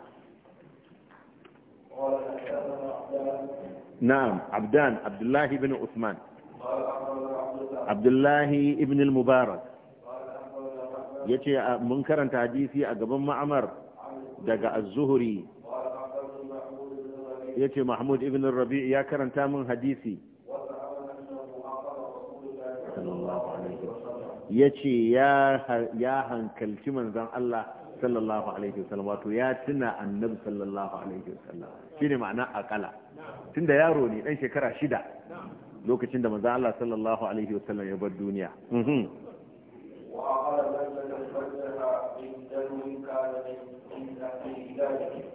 نعم عبدان عبد الله بن عثمان عبد الله بن المبارك يتي منكرا تحديثي أقبل معمر دقاء الزهري يتي محمود بن الربيع يا كرنتا من حديثي صلى الله عليه وسلم يتي يا يا هنكلتي من ذن الله sallallahu alaihi wasallam wato ya tuna annabi sallallahu alaihi wasallam shine ma'ana akala tunda yaro ne dan shekara shida lokacin da manzo Allah sallallahu alaihi wasallam ya bar duniya mhm.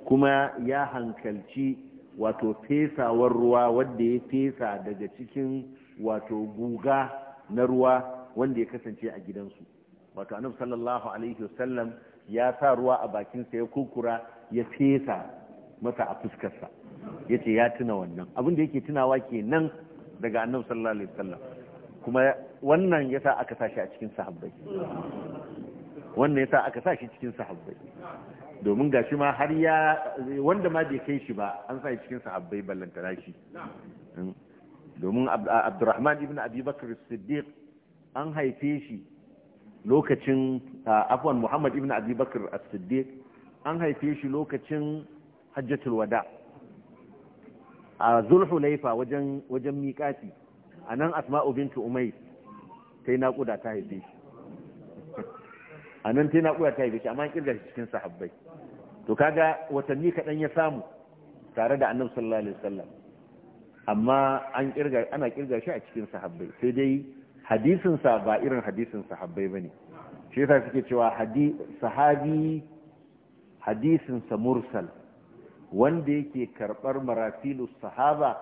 kuma ya hankalci wato fesawar ruwa wanda ya fesa daga cikin wato guga na ruwa wanda ya kasance a gidansu wato annabi sallallahu alaihi wasallam ya sa ruwa a bakinsa ya kukura ya fesa mata a fuskarsa ya ce ya tuna wannan abin da yake tunawa ke nan daga annabi sallallahu alaihi wasallam kuma wannan ya sa aka sa shi a cikin sahabbai wannan ya sa aka sa shi cikin sahabbai domin ga shi ma har ya wanda ma bai kai shi ba an sa shi cikin sahabbai ballantana shi hmm. domin abdurrahman ibn abi bakr siddiq an haife shi lokacin ah, afwan muhammad ibn abubakar as-siddiq an haife shi lokacin hajjatul wada a zulhulaifa wajen wajen miƙati a nan asma'u bintu umai ta yi naƙuda ta haife shi a nan ta yi naƙuda ta haife shi amma an ƙirga shi cikin sahabbai to kaga watanni kaɗan ya samu tare da annabi sallallahu alaihi wasallam amma an kirga ana kirga shi a cikin sahabbai sai dai hadisinsa ba irin hadisin sahabbai ba ne shi yasa suke cewa sahabi hadisinsa mursal wanda yake karɓar marafilu sahaba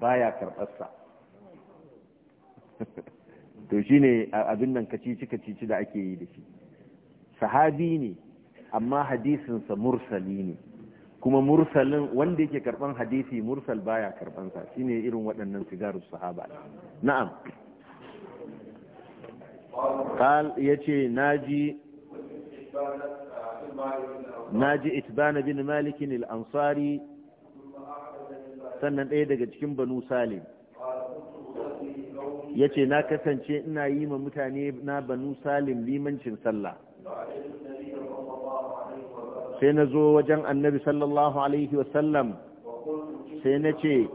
baya karɓarsa <laughs> to shi ne abin nan kacici-kacici da ake yi da shi sahabi ne amma hadisinsa mursali ne kuma mursalin wanda yake karban hadisi mursal baya karɓansa shine irin waɗannan sigarus sahaba na'am قال يتي ناجي ناجي إتبان بن مالك الأنصاري sannan ɗaya daga cikin banu salim ya ce na kasance ina yi ma mutane na banu salim limancin sallah sai na zo wajen annabi sallallahu alaihi wasallam sai na ce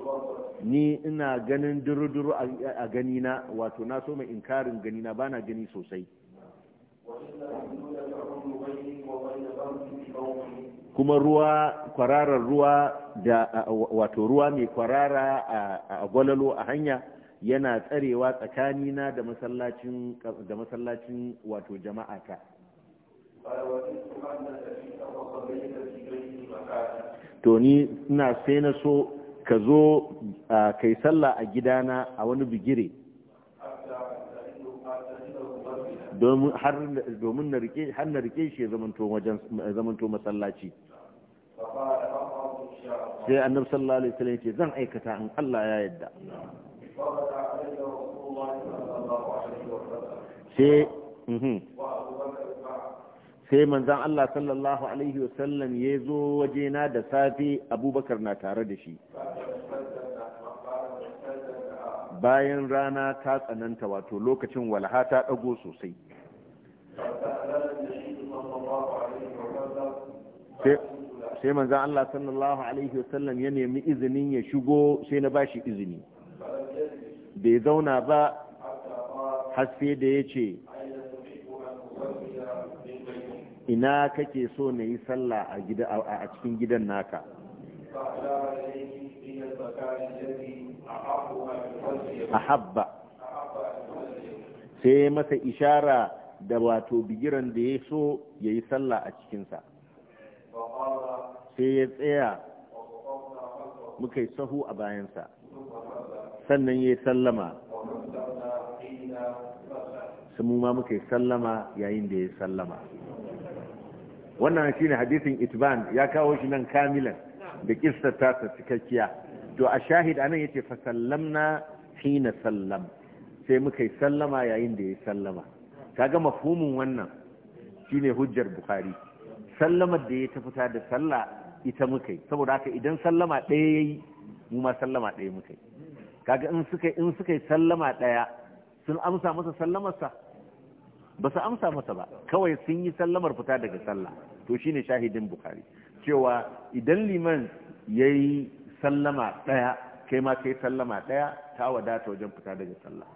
ni ina ganin duruduru a ganina wato na so mai inkarin ganina ba na gani sosai kuma ruwa kwararar ruwa da wato ruwa mai kwarara a gwalalo a hanya yana tsarewa tsakanina da masallacin da masallacin wato to ni sai na so ka zo kai sallah a gidana a wani bigire domin har na rike shi ya zamanto masallaci sai annab sallallahu alaihi wasallam ce zan aikata in Allah ya yadda sai mhm. sai manzan Allah sallallahu alaihi wasallam ya zo wajena da safe abubakar na tare da shi bayan rana ta tsananta wato lokacin walha ta ɗago sosai sai manzan Allah sallallahu alaihi wasallam ya nemi izinin ya shigo sai na bashi izini bai zauna ba haske da ya ce ina kake so na yi sallah a gida a cikin gidan naka a habba sai masa ishara da wato bigiran da ya so ya yi sallah a cikinsa sai ya tsaya muka yi sahu a bayansa sannan ya yi sallama mu ma muka yi sallama yayin da ya yi sallama wannan shine hadisin itban ya kawo shi nan kamilan da ta ta cikakkiya to a shahid anan yace fa sallamna hina sallam sai muka yi sallama yayin da ya sallama kaga mafhumin wannan shine hujjar bukhari sallamar da ya ta fita da sallah ita muka yi saboda haka idan sallama ɗaya yayi mu ma sallama ɗaya muka yi kaga in suka in suka yi sallama ɗaya sun amsa masa sallamarsa ba su amsa masa ba kawai sun yi sallamar fita daga sallah to shine shahidin bukari cewa idan liman ya yi sallama ɗaya kai ma kai sallama ɗaya ta wadata wajen fita daga sallah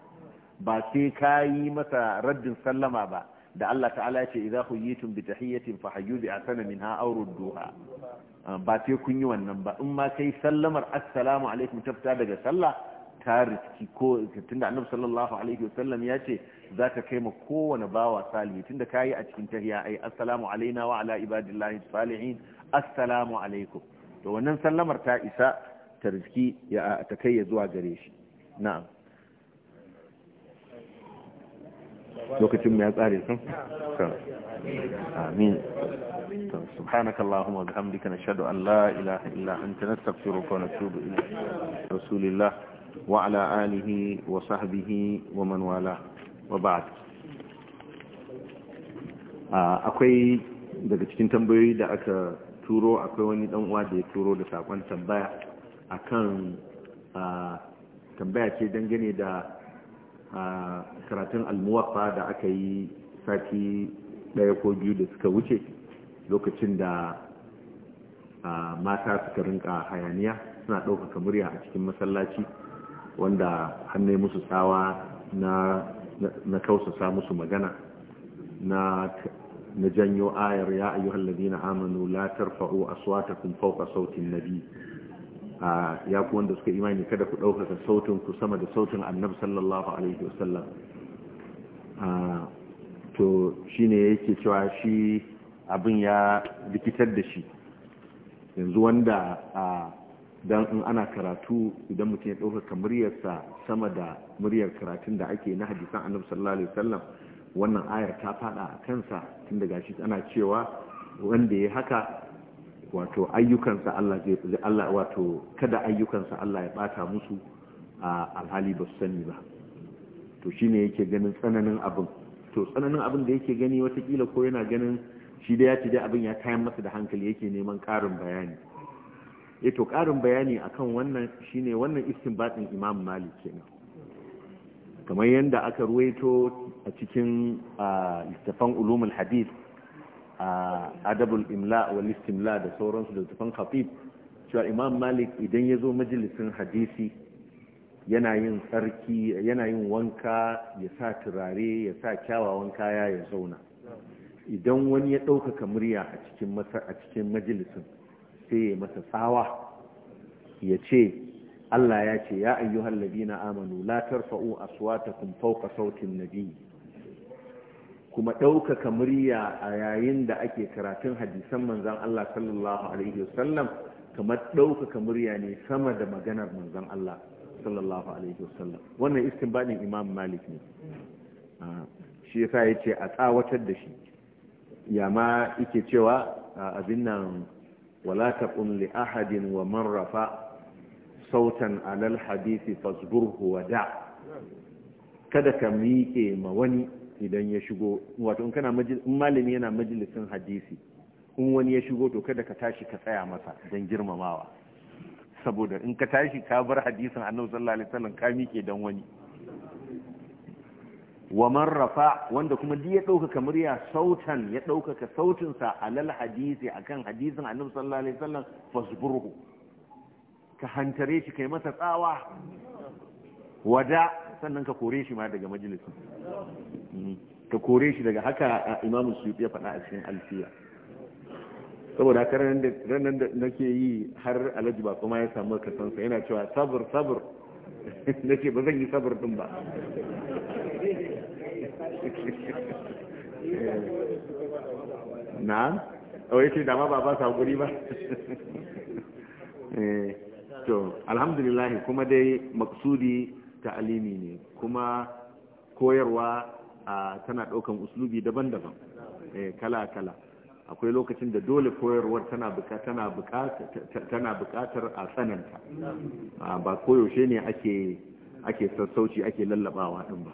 ba sai ka yi masa raddin sallama ba da Allah ta'ala ya ce idza huyitum bi tahiyatin fa hayyu bi asana minha aw rudduha ah, ba sai kun yi wannan ba in ma kai sallamar assalamu alaikum ta fita daga sallah ta riski ko tunda annabi sallallahu alaihi wasallam ya ce za ta kai ma kowane bawa salihi tunda ka yi a cikin tahiya ai assalamu alaina wa ala ibadillahi salihin assalamu alaikum to wannan sallamar ta isa ta riski ta kai ya zuwa gare shi na'am lokacin mu ya tsare sun amin سبحانك اللهم وبحمدك نشهد أن لا إله إلا أنت نستغفرك ونتوب إليك رسول الله وعلى آله وصحبه ومن والاه wa ba akwai daga cikin tambayoyi da aka turo akwai wani dan uwa da ya turo da sakon tambaya akan tambaya ce dangane da karatun almuwafa da aka yi sati daya ko biyu da suka wuce lokacin da mata suka rinka hayaniya suna ɗaukaka murya a cikin masallaci wanda hannun musu tsawa na na sa musu magana na janyo ayar ya ayyuhal ladina amanu la tarfa'u aswatakum fawqa sautin nabi ya ku wanda suka imani kada ku ɗaukaka sautin ku sama da sautin annabi sallallahu alaihi wasallam to shine yake cewa shi abin ya rikitar da shi yanzu wanda don in ana karatu idan mutum ya ɗaukaka muryarsa sama da muryar karatun da ake na hadisan annabi sallallahu alaihi wasallam wannan ayar ta fada a kansa tun daga shi ana cewa wanda ya haka wato ayyukansa Allah zai Allah wato kada ayyukansa Allah ya bata musu a alhali ba su sani ba to shine yake ganin tsananin abin to tsananin abin da yake gani watakila ko yana ganin shi da ya ci dai abin ya kayan masa da hankali yake neman karin bayani eh to ƙarin bayani akan wannan shine wannan istinbatin imam malik kenan kamar yadda aka ruwaito a cikin littafan ulumul hadith adabul imla wal istimla da sauransu da littafan khatib cewa imam malik idan ya zo majalisin hadisi yana yin tsarki yana yin wanka ya sa turare ya sa kyawawan kaya ya zauna idan wani ya ɗaukaka murya a cikin majalisin sai ya masa tsawa ya ce Allah ya ce ya ayyuhal ladina amanu la tarfa'u aswatakum fawqa sautin nabi kuma ɗaukaka murya a yayin da ake karatun hadisan manzon Allah sallallahu alaihi wasallam kamar ɗaukaka murya ne sama da maganar manzon Allah sallallahu alaihi wasallam wannan istinbadin Imam Malik ne shi yasa yace a tsawatar da shi ya ma yake cewa abin nan ولا تقم لأحد ومن رفع صوتا على الحديث فاصبره ودع kada ka miƙe ma wani idan ya shigo wato in kana malami yana majalisin hadisi in wani ya shigo to kada ka tashi ka tsaya masa don girmamawa saboda in ka tashi ka bar hadisin annabi sallallahu alaihi wasallam ka miƙe don wani wa man wanda kuma duk ya ɗaukaka murya sautan ya ɗaukaka sautinsa alal hadisi akan hadisin annabi sallallahu alaihi wasallam fasburhu ka hantare shi kai masa tsawa wada sannan ka kore shi ma daga majalisi mm-hmm. ka kore shi daga haka imam suyuti ya faɗa a cikin alfiya saboda haka ranar da nake yi har alhaji ba kuma ya samu kasansa yana cewa sabr sabr <laughs> nake ba zan yi sabr din ba <laughs> na ya ce dama ba ba sa ba <laughs> eh, to alhamdulillah kuma dai maksudi ta'alimi ne kuma koyarwa tana ɗaukan uslubi daban-daban eh, kala-kala akwai lokacin da dole koyarwar tana bukatar a tsananta ba koyaushe ne ake sassauci ake lallabawa ɗin ba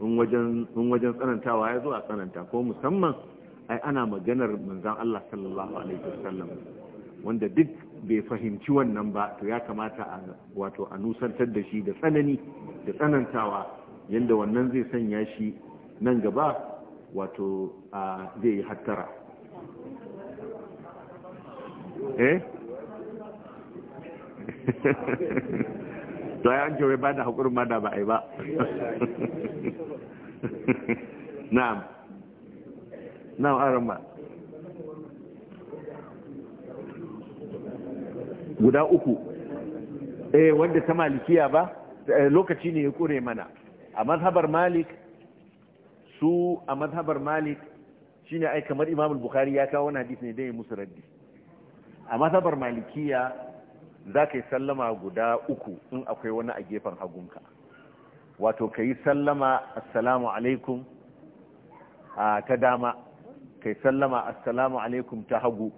in wajen tsanantawa ya zo a tsananta ko musamman ai ana maganar manzan Allah sallallahu alaihi wasallam wanda duk bai fahimci wannan ba to ya kamata a wato a nusantar da shi da tsanani da tsanantawa yadda wannan zai sanya shi nan gaba wato a zai yi hattara eh <laughs> to ya ce wai ba da haƙurin ma da ba a yi ba <laughs> na'am na'am aron ba guda uku eh wanda ta malikiya ba eh, lokaci ne ya kure mana a mazhabar malik su a mazhabar malik shine ai kamar imam bukhari ya kawo wani hadisi ne dai musu raddi a mazhabar malikiya za ka yi sallama guda uku in akwai wani a gefen hagunka wato ka yi sallama assalamu alaikum ta dama ka yi sallama assalamu alaikum ta hagu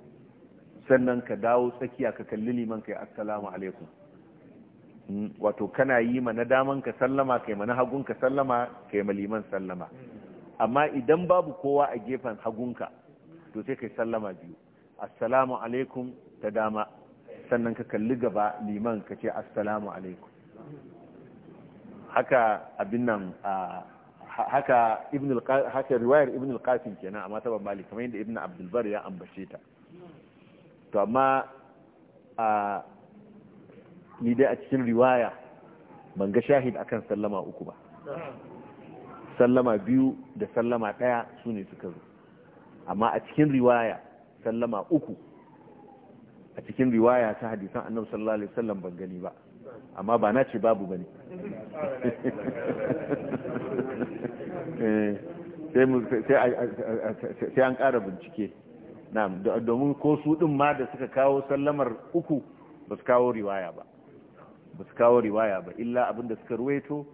sannan ka dawo tsakiya ka kalli liman ka yi assalamu alaikum hmm, wato kana yi ma na daman ka sallama kai ma na hagun ka sallama ka ma liman sallama amma idan babu kowa a gefen hagunka to sai ka yi sallama biyu assalamu alaikum ta dama sannan ka kalli gaba liman ka ce assalamu alaikum haka abin nan haka haka riwayar ibn al-qasim kenan amma ta babali kamar yadda ibn abdul ya ambace ta to amma a ni dai a cikin riwaya ban ga shahid akan sallama uku ba sallama biyu da sallama daya sune suka zo amma a cikin riwaya sallama uku a cikin riwaya ta hadisan annabi sallallahu alaihi wasallam ban gani ba amma ba na ce babu bane <laughs> eh, sai an ƙara bincike domin ko su ɗin ma da suka kawo sallamar uku ba su kawo riwaya ba ba su kawo riwaya ba illa abinda suka ruwaito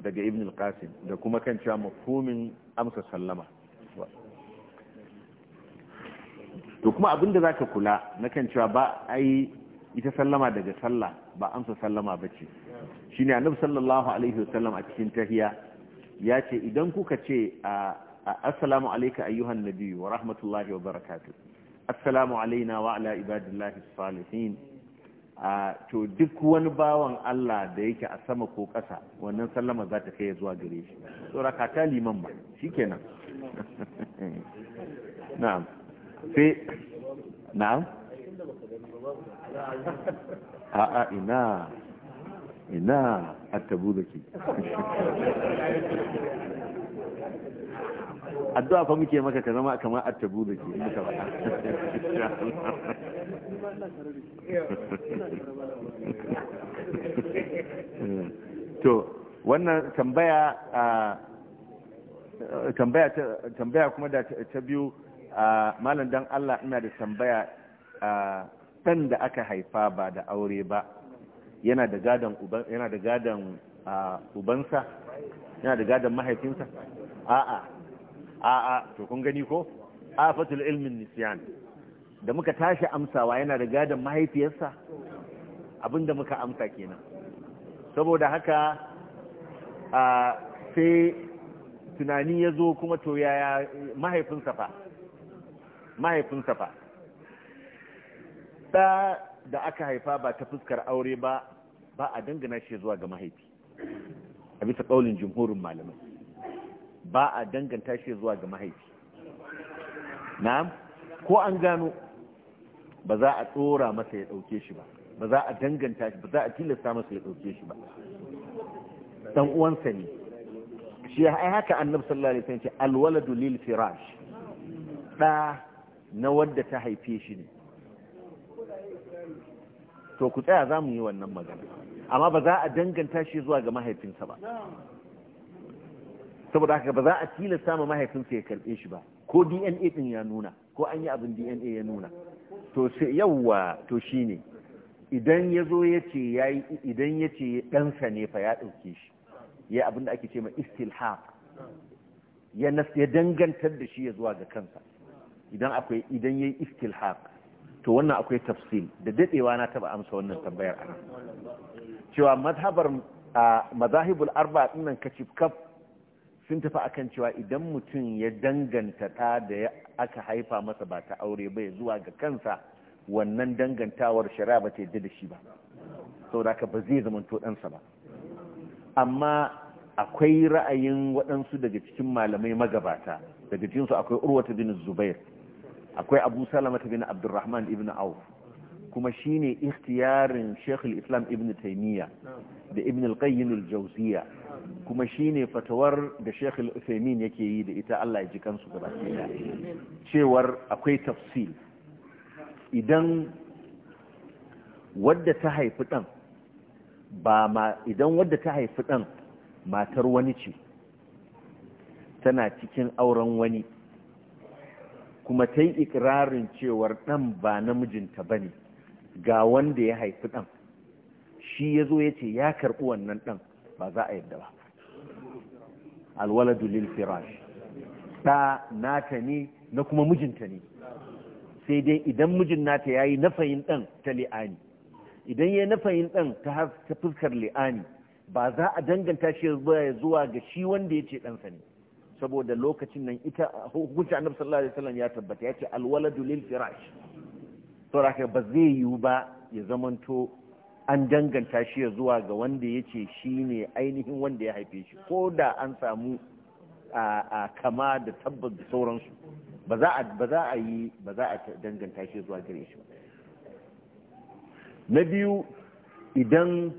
daga ibn al-qasim da kuma kan cewa mafhumin amsa sallama to kuma abin da zaka kula na kan cewa ba ai ita sallama daga sallah ba amsa sallama bace shine annabi sallallahu alaihi wasallam a cikin tahiya ya ce idan kuka ce assalamu alayka ayyuhan nabi wa rahmatullahi wa barakatuh assalamu alaina wa ala ibadillahi salihin to duk wani bawan Allah da yake a sama ko ƙasa wannan sallama za ta kai zuwa gare shi tsora ka ta liman ba shikenan <laughs> na'am sai na'am a'a ina ina attabu da ke addu'a fa muke maka ka zama kamar attabu da ke muka ba to wannan tambaya ah, tambaya kuma da ta biyu malam dan Allah ina da tambaya ɗan da aka haifa ba da aure ba yana da gadon ubansa yana da gadon mahaifinsa a'a a'a to kun gani ko afatul ilmin nisyan da muka tashi amsawa yana da gadon mahaifiyarsa abinda muka amsa kenan saboda haka sai tunani ya zo kuma to yaya mahaifinsa fa mahaifinsa fa ta da aka haifa ba ta fuskar aure ba ba a dangana shi zuwa ga mahaifi a bisa ƙaunin jumhurin malamai ba a danganta shi zuwa ga mahaifi na'am ko an gano ba za a tsora masa ya ɗauke shi ba ba za a danganta shi ba za a tilasta masa ya ɗauke shi ba Ɗan uwansa ne shi ya haka annabi sallallahu alaihi wasallam ce alwaladu lil firash da na wadda ta haife shi ne to ku tsaya za mu yi wannan magana amma ba za a danganta shi zuwa ga mahaifinsa ba saboda haka ba za a tilasta ma mahaifinsa ya karɓe shi ba ko dna ɗin ya nuna ko an yi abin dna ya nuna to sai yawwa to shi ne idan ya zo ya ce ya yi idan ya ce ɗansa ne fa ya ɗauke shi ya abin da ake ce ma istilhaq ya dangantar da shi ya zuwa ga kansa idan akwai idan yayi istilhaq to wannan akwai tafsil da dadewa na taba amsa wannan tambayar nan cewa mazhabar mazahibul arba dinnan kacif kaf sun tafi akan cewa idan mutum ya danganta ta da aka haifa masa ba ta aure bai zuwa ga kansa wannan dangantawar shari'a ba ta yadda da shi ba saboda ka ba zai zama to ɗansa ba amma akwai ra'ayin waɗansu daga cikin malamai magabata daga cikinsu akwai urwata bin zubair akwai abu salama bin abdurrahman ibn auf kuma shi ne ikhtiyarin shekul islam ibn taimiyya da ibn al-qayyim kuma shi kuma shine fatawar da shekul usaimin yake yi da ita Allah ya ji kansu gaba cewar akwai tafsil idan wadda ta haifi dan ba ma idan wadda ta haifi dan matar wani ce tana cikin auren wani kuma ta yi ikirarin cewar ɗan ba namijinta ba ne ga wanda ya haifi ɗan shi ya zo ya ce ya karɓi wannan ɗan ba za a yadda ba Alwala dulil firash ɗa nata ne na kuma mijinta ne sai dai idan mijin nata ya yi nafayin ɗan ta li'ani idan ya yi nafayin ɗan ta fuskar li'ani ba za a danganta shi zuwa ga shi wanda ya ce ɗansa ne saboda lokacin nan ita hukunci annabi sallallahu alaihi wasallam ya tabbata yace alwaladu lil firash to ba zai yiwu ba ya zamanto an danganta shi ya zuwa ga wanda yace shine ainihin wanda ya haife shi ko da an samu a kama da tabbas da sauransu ba za a ba za a yi ba za a danganta shi zuwa gare shi ba na biyu idan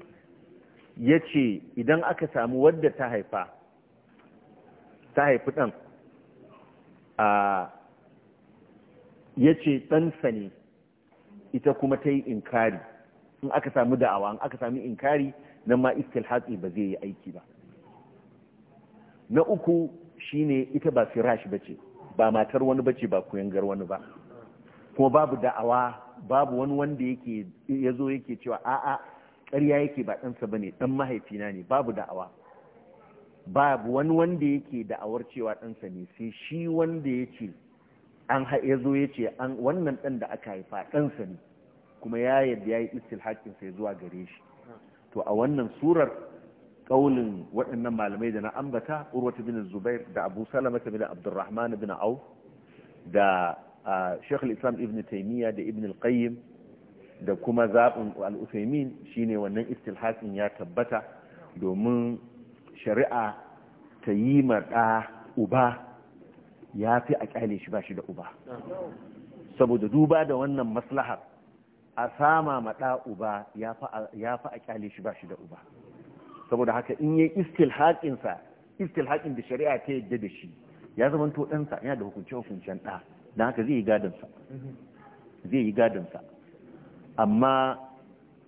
yace idan aka samu wadda ta haifa ta haifi ɗan ya ce ɗansa ne ita kuma ta yi inkari in aka samu da'awa in aka sami inkari nan ma hatsi ba zai yi aiki ba na uku shi ne ita ba ba ce, ba matar wani ba ce, ba kuyangar wani ba kuma babu da'awa babu wani wanda ya zo yake cewa a'a ƙarya yake ba ɗansa ba ne ɗan mahaifina ne babu da'awa babu wani wanda yake da'awar cewa ɗansa ne sai shi wanda ya ce an ya zo ya ce wannan ɗan da aka haifa ɗansa ne kuma ya yadda ya yi istilhaƙinsa ya zuwa gare shi to a wannan surar ƙaunin waɗannan malamai da na ambata urwata bin zubair da abu salama bin abdurrahman bin au da shekh islam ibn taimiyya da ibn al-qayyim da kuma zaɓin al-usaimin shine wannan istilhaƙin ya tabbata domin shari'a ta yi maɗa uba ya fi a ƙyale shi ba shi da uba saboda duba da wannan maslahar a sama maɗa uba ya fi a ƙyale shi ba shi da uba saboda haka in yi istilhaƙinsa istilhaƙin da shari'a ta yadda da shi ya zama to ɗansa yana da hukunce-hukuncen ɗa don haka zai yi gadonsa zai yi gadonsa amma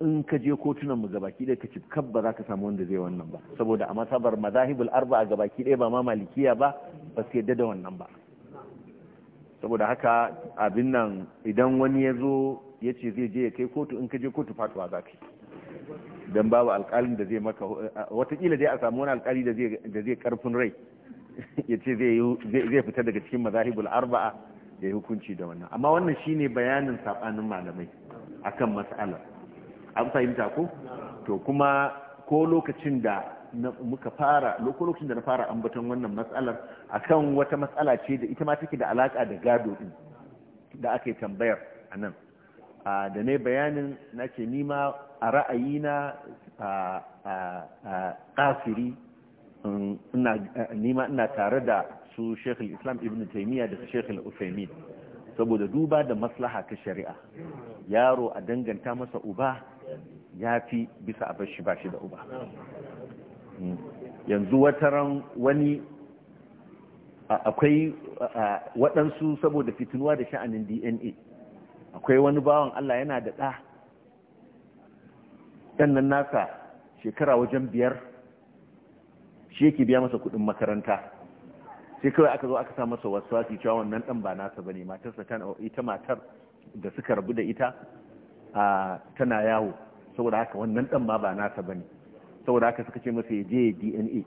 in ka je kotunan mu gabaki ɗaya ka ci kab za ka samu wanda zai wannan ba saboda a masabar mazahibul arba a gabaki ɗaya ba ma malikiya ba ba su yadda da wannan ba saboda haka abin nan idan wani ya zo ya ce zai je ya kai kotu in ka je kotu fatuwa za ka yi don babu alkalin da zai maka watakila dai a samu wani alkali da zai karfin rai ya ce zai fita daga cikin mazahibul arba'a da hukunci da wannan amma wannan ne bayanin sabanin malamai akan mas'alar an fahimta ko to kuma ko lokacin da muka fara lokacin da na fara ambaton wannan matsalar akan wata matsala ce da ita ma take da alaka da gado din da aka tambayar a nan da ne bayanin na ce nima a ra'ayina a kafiri nima ina tare da su shekul islam ibn taimiyya da su shekul saboda duba da maslaha ta shari'a yaro a danganta masa uba ya fi bisa a bashi ba shi da uba hmm. yanzu wata ran wani akwai waɗansu saboda fitinuwa da sha'anin dna akwai wani bawan allah yana da ɗa ɗan nan nasa shekara wajen biyar shi yake biya masa kuɗin makaranta sai kawai aka zo aka sa masa wasu wasu cewa wannan ɗan ba nasa ba ne matarsa ta ita matar da suka rabu da ita a tana yawo saboda haka wannan dan ma ba nasa bane saboda haka suka ce masa ya je DNA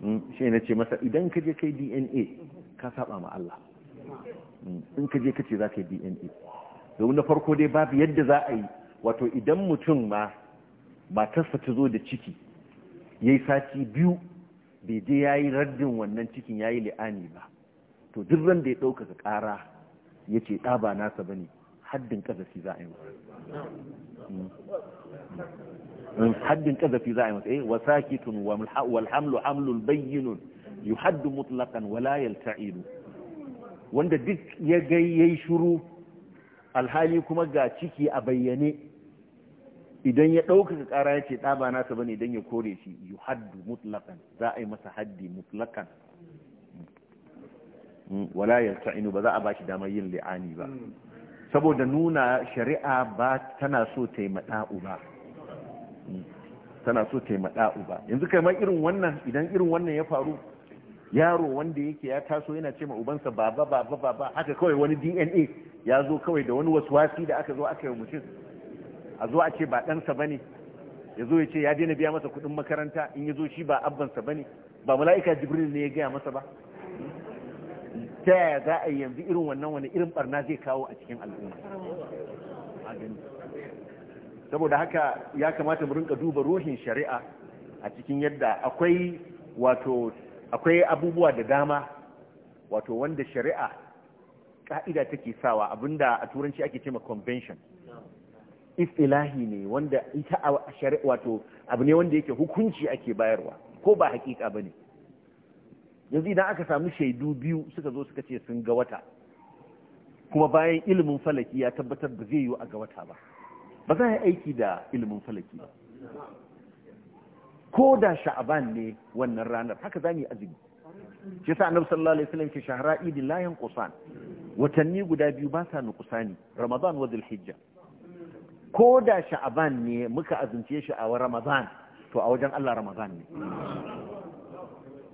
hmm, shi ne ce masa idan ka je kai DNA ka saba ma Allah hmm, in ka je kace za ka yi DNA domin na farko dai babu yadda za a yi wato idan mutum ma matarsa ta zo da ciki yayi sati biyu bai je yayi raddin wannan cikin yayi li'ani ba to duk ran da ya ɗaukaka ƙara ya yace ɗa ba nasa bane. haddin kazafi za a yi masa mm. Mm. haddin kazafi za a yi masa eh wasakitun wal hamlu hamlul bayyinun yuhaddu mutlaqan wala yalta'idu wanda duk ya ga yayi shiru alhali kuma ga ciki a bayyane idan ya ɗaukaka ƙara kara yace da ba nasa bane idan ya kore shi yi haddu mutlaƙan za a yi masa haddi mutlaƙan mm. wala ya ta'inu ba za a bashi damar yin li'ani ba saboda nuna shari'a ba tana so ta yi maɗa'u ba tana so ta yi maɗa'u ba yanzu kamar irin wannan idan irin wannan ya faru yaro wanda yake ya taso yana ce ma ubansa baba baba baba haka kawai wani dna ya zo kawai da wani wasu wasi da aka zo aka yi mutum a zo a ce ba ɗansa ba ne ya zo ya ce ya daina biya masa kuɗin makaranta in ya zo shi ba abbansa ba ne ba mala'ika jibril ne ya gaya masa ba ta yaya za a yanzu irin wannan wani irin barna zai kawo a cikin al'umma saboda haka ya kamata mu rinka duba ruhin shari'a a cikin yadda akwai wato akwai abubuwa da dama wato wanda shari'a ka'ida take sawa abinda a turanci ake cewa convention ilahi ne wanda ita a shari'a wato abu ne wanda yake hukunci ake bayarwa ko ba hakika bane yanzu idan aka samu shaidu biyu suka zo suka ce sun ga wata kuma bayan ilimin falaki ya tabbatar ba zai yi a ga wata ba ba za a yi aiki da ilimin falaki ba ko da sha'aban ne wannan ranar haka za mu yi azumi shi sa annabi sallallahu alaihi wasallam ke shahara idin layan watanni guda biyu ba sa nu kusani ramadan wa dhulhijja ko da sha'aban ne muka azumce shi a ramadan to a wajen Allah ramadan ne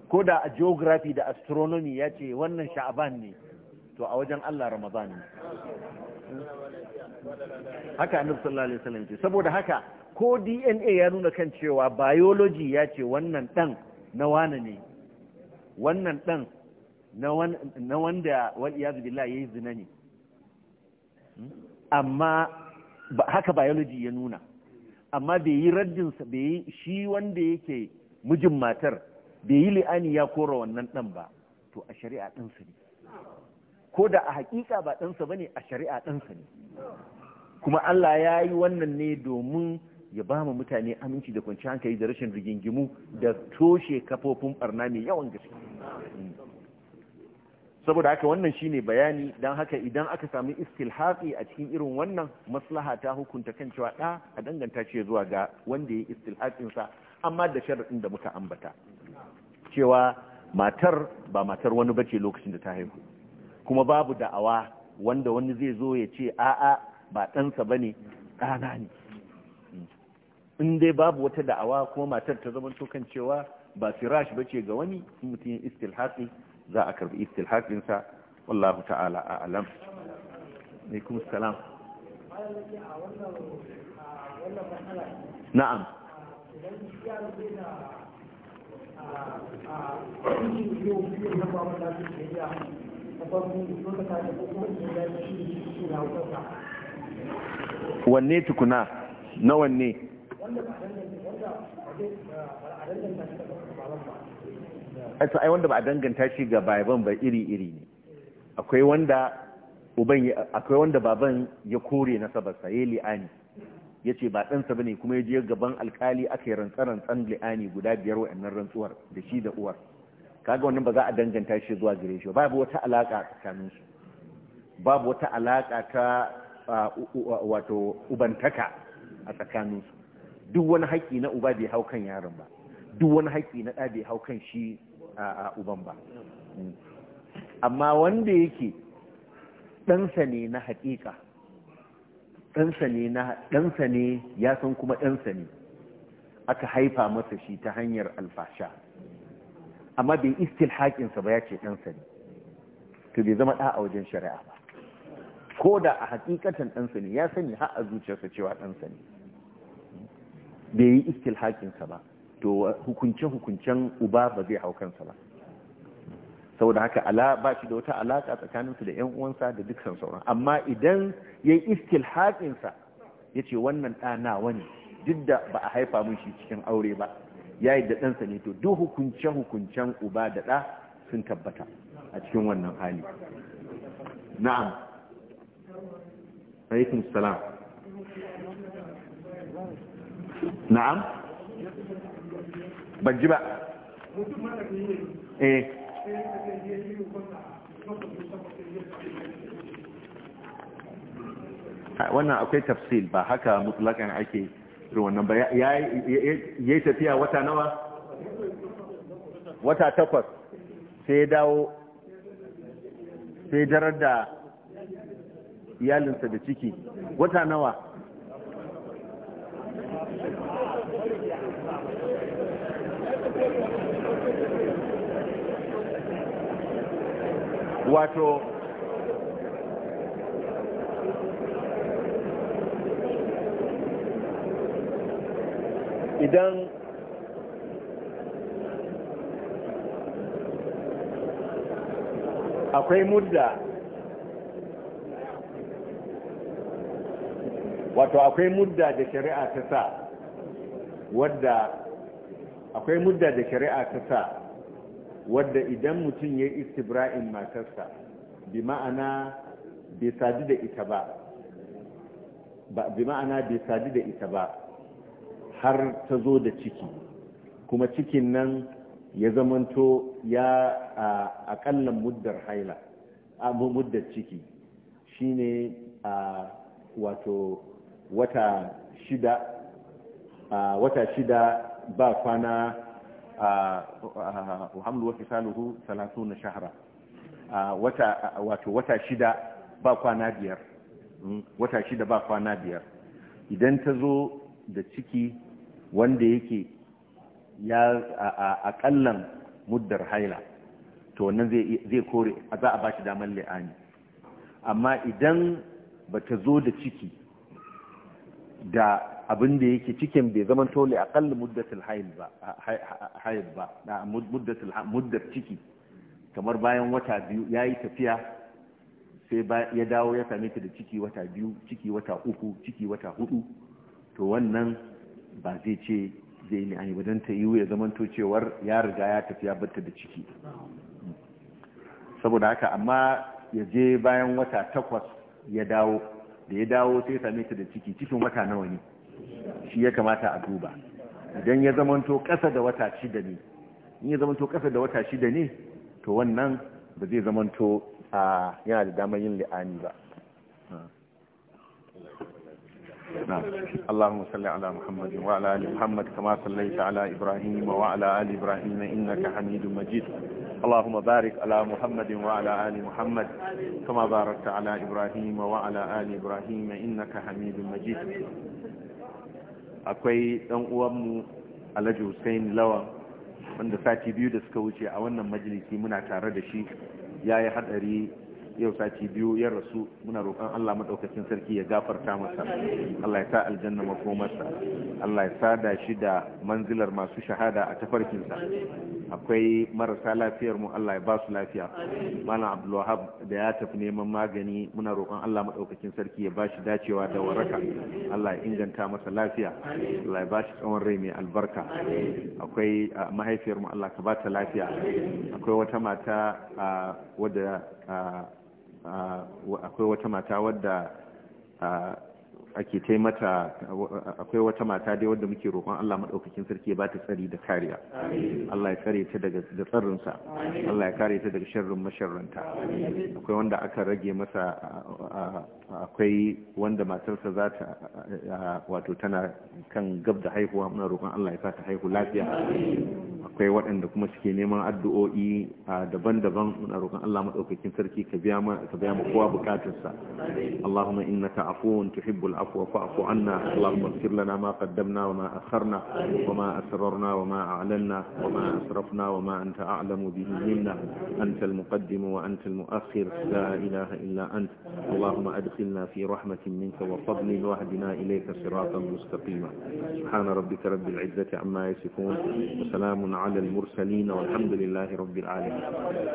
ko da a geography da astronomy ya ce wannan sha'aban ne to a wajen Allah ramadan ne haka annabi sallallahu alaihi wasallam ce saboda haka ko DNA ya nuna kan cewa biology ya ce wannan dan na wane ne wannan dan na wanda iyad billahi ya yi zina ne hmm? amma haka biology ya nuna amma bai yi sa bai yi shi wanda yake mijin matar bai yi li'ani ya kora wannan ɗan ba to a shari'a ɗansa ne ko da a haƙiƙa ba ɗansa ba ne a shari'a ɗansa ne kuma Allah ya yi wannan ne domin ya ba mu mutane aminci da kwanci hankali da rashin rigingimu da toshe kafofin barna mai yawan gaske saboda haka wannan shine bayani don haka idan aka sami istilhaƙi a cikin irin wannan maslaha ta hukunta kan cewa ɗa a danganta shi zuwa ga wanda ya yi sa amma da sharaɗin da muka ambata cewa matar ba matar wani bace lokacin da ta haihu kuma babu da'awa wanda wani zai zo ya ce a'a ba ɗansa ba ne ɗana ne in dai babu wata da'awa kuma matar ta zama kan cewa ba firash ba ce ga wani mutum yin istilhaƙi za a karbi istilhaƙinsa wallahu ta'ala a alam kuma salam na'am wanne tukuna na wanne ai wanda ba a danganta shi ga baban ba iri-iri ne akwai wanda baban ya kore na sabarsa ya li'ani ya ce ba ɗansa ba ne kuma ya je gaban alkali aka yi rantsan li'ani guda biyar wa'annan rantsuwar da shi da uwar kaga wannan ba za a danganta shi zuwa gare shi babu wata alaƙa tsakanin su babu wata alaƙa ta wato ubantaka a tsakanin su duk wani haƙƙi na uba bai hau kan yaron ba duk wani haƙƙi na ɗa bai hau kan shi a uban ba hmm. amma wanda yake ɗansa ne na haƙiƙa ɗansa ne ya san kuma ɗansa ne aka haifa masa shi ta hanyar alfasha amma bai haƙinsa ba ya ce ɗansa ne to bai zama ɗa a wajen shari'a ba ko da a hakikatan ɗansa ne ya sani har a zuciyarsa cewa ɗansa ne bai yi haƙinsa ba to hukunce-hukuncen uba ba zai hau kansa ba saboda haka ala ba shi da wata alaka tsakaninsu da yan uwansa da dukkan sauran amma idan yayi istilhaqin sa yace wannan ɗana wani duk da ba a haifa mun shi cikin aure ba yayi da ɗansa ne to duk hukunce hukuncen uba da ɗa sun tabbata a cikin wannan hali na'am alaikum salam na'am ban ji ba eh wannan akwai tafsil ba haka mutlakan ake wannan ba ya yi tafiya wata nawa wata takwas sai dawo sai darar da iyalinsa da ciki wata nawa wato idan akwai mudda wato akwai mudda da shari'a ta sa wadda akwai mudda da shari'a ta sa wadda idan mutum ya istibra'in matarsa bi ma'ana bai sadu da ita ba bi ma'ana bai sadu da ita ba har ta zo da ciki kuma cikin nan ya zamanto ya ƙallon muddar haila a muddar ciki shine a wato wata shida wata shida ba kwana hamlu wa fisaluhu 30 shahra wata wato wata shida ba kwana biyar wata shida ba kwana biyar idan ta zo da ciki wanda yake ya akallan muddar haila to wannan zai kore za a ba damar la'ani. amma idan ba ta zo da ciki da abin da yake cikin bai zama tole akalla muddatul haid ba haid ba muddatul muddat ciki kamar bayan wata biyu yayi tafiya sai ya dawo ya same ta da ciki wata biyu ciki wata uku ciki wata hudu to wannan ba zai ce zai ne ai wajen ta yiwu ya zamanto cewar ya riga ya tafiya batta da ciki saboda haka amma ya je bayan wata takwas ya dawo da ya dawo sai ya same ta da ciki cikin wata nawa ne shi ya kamata a duba idan ya zamanto ƙasa da wata shida ne in ya zamanto ƙasa da wata shida ne to wannan ba zai zamanto a yana da damar yin li'ani ba اللهم صل على محمد وعلى ال محمد كما صليت على ابراهيم وعلى ال ابراهيم انك حميد مجيد اللهم بارك على محمد وعلى ال محمد كما باركت على ابراهيم وعلى ال ابراهيم انك حميد مجيد akwai dan uwanmu alhaji hussein lawan wanda sati biyu da suka wuce a wannan majalisi muna tare da shi ya yi hadari yau sati biyu ya rasu muna roƙon Allah maɗaukacin sarki ya gafarta masa Allah ya sa aljanna makomarsa Allah ya da shi da manzilar masu shahada a tafarkinsa akwai marasa lafiyar mu Allah ya ba su lafiya malam Abdulwahab da ya tafi neman magani muna roƙon Allah maɗaukacin sarki ya ba shi dacewa da waraka Allah ya inganta masa lafiya Allah ya ba shi tsawon rai mai albarka akwai mahaifiyar mu Allah ka ba ta lafiya akwai wata mata wadda akwai wata mata wadda ake taimata akwai wata mata dai wadda muke roƙon Allah maɗaukakin sarki ba ta tsari da kariya Allah ya kare ta daga da tsarinsa Allah ya kare ta daga sharrin masharranta akwai wanda aka rage masa akwai wanda matarsa za ta wato tana kan gab da haihuwa muna roƙon Allah ya sa ta haihu lafiya akwai waɗanda kuma suke neman addu'o'i daban-daban muna roƙon Allah madaukakin sarki ka biya ma ka biya ma kowa bukatunsa Allahumma innaka afuwun tuhibbul afwa fa'fu anna Allahumma ighfir lana ma qaddamna wa ma akharna wa ma asrarna wa ma a'lanna wa ma asrafna wa ma anta a'lamu bihi minna anta al-muqaddim wa anta al-mu'akhir la ilaha illa ant Allahumma adkhilna fi rahmatin minka wa fadlin wa hdina ilayka siratan mustaqima subhana rabbika rabbil izzati amma yasifun wa salamun على المرسلين والحمد لله رب العالمين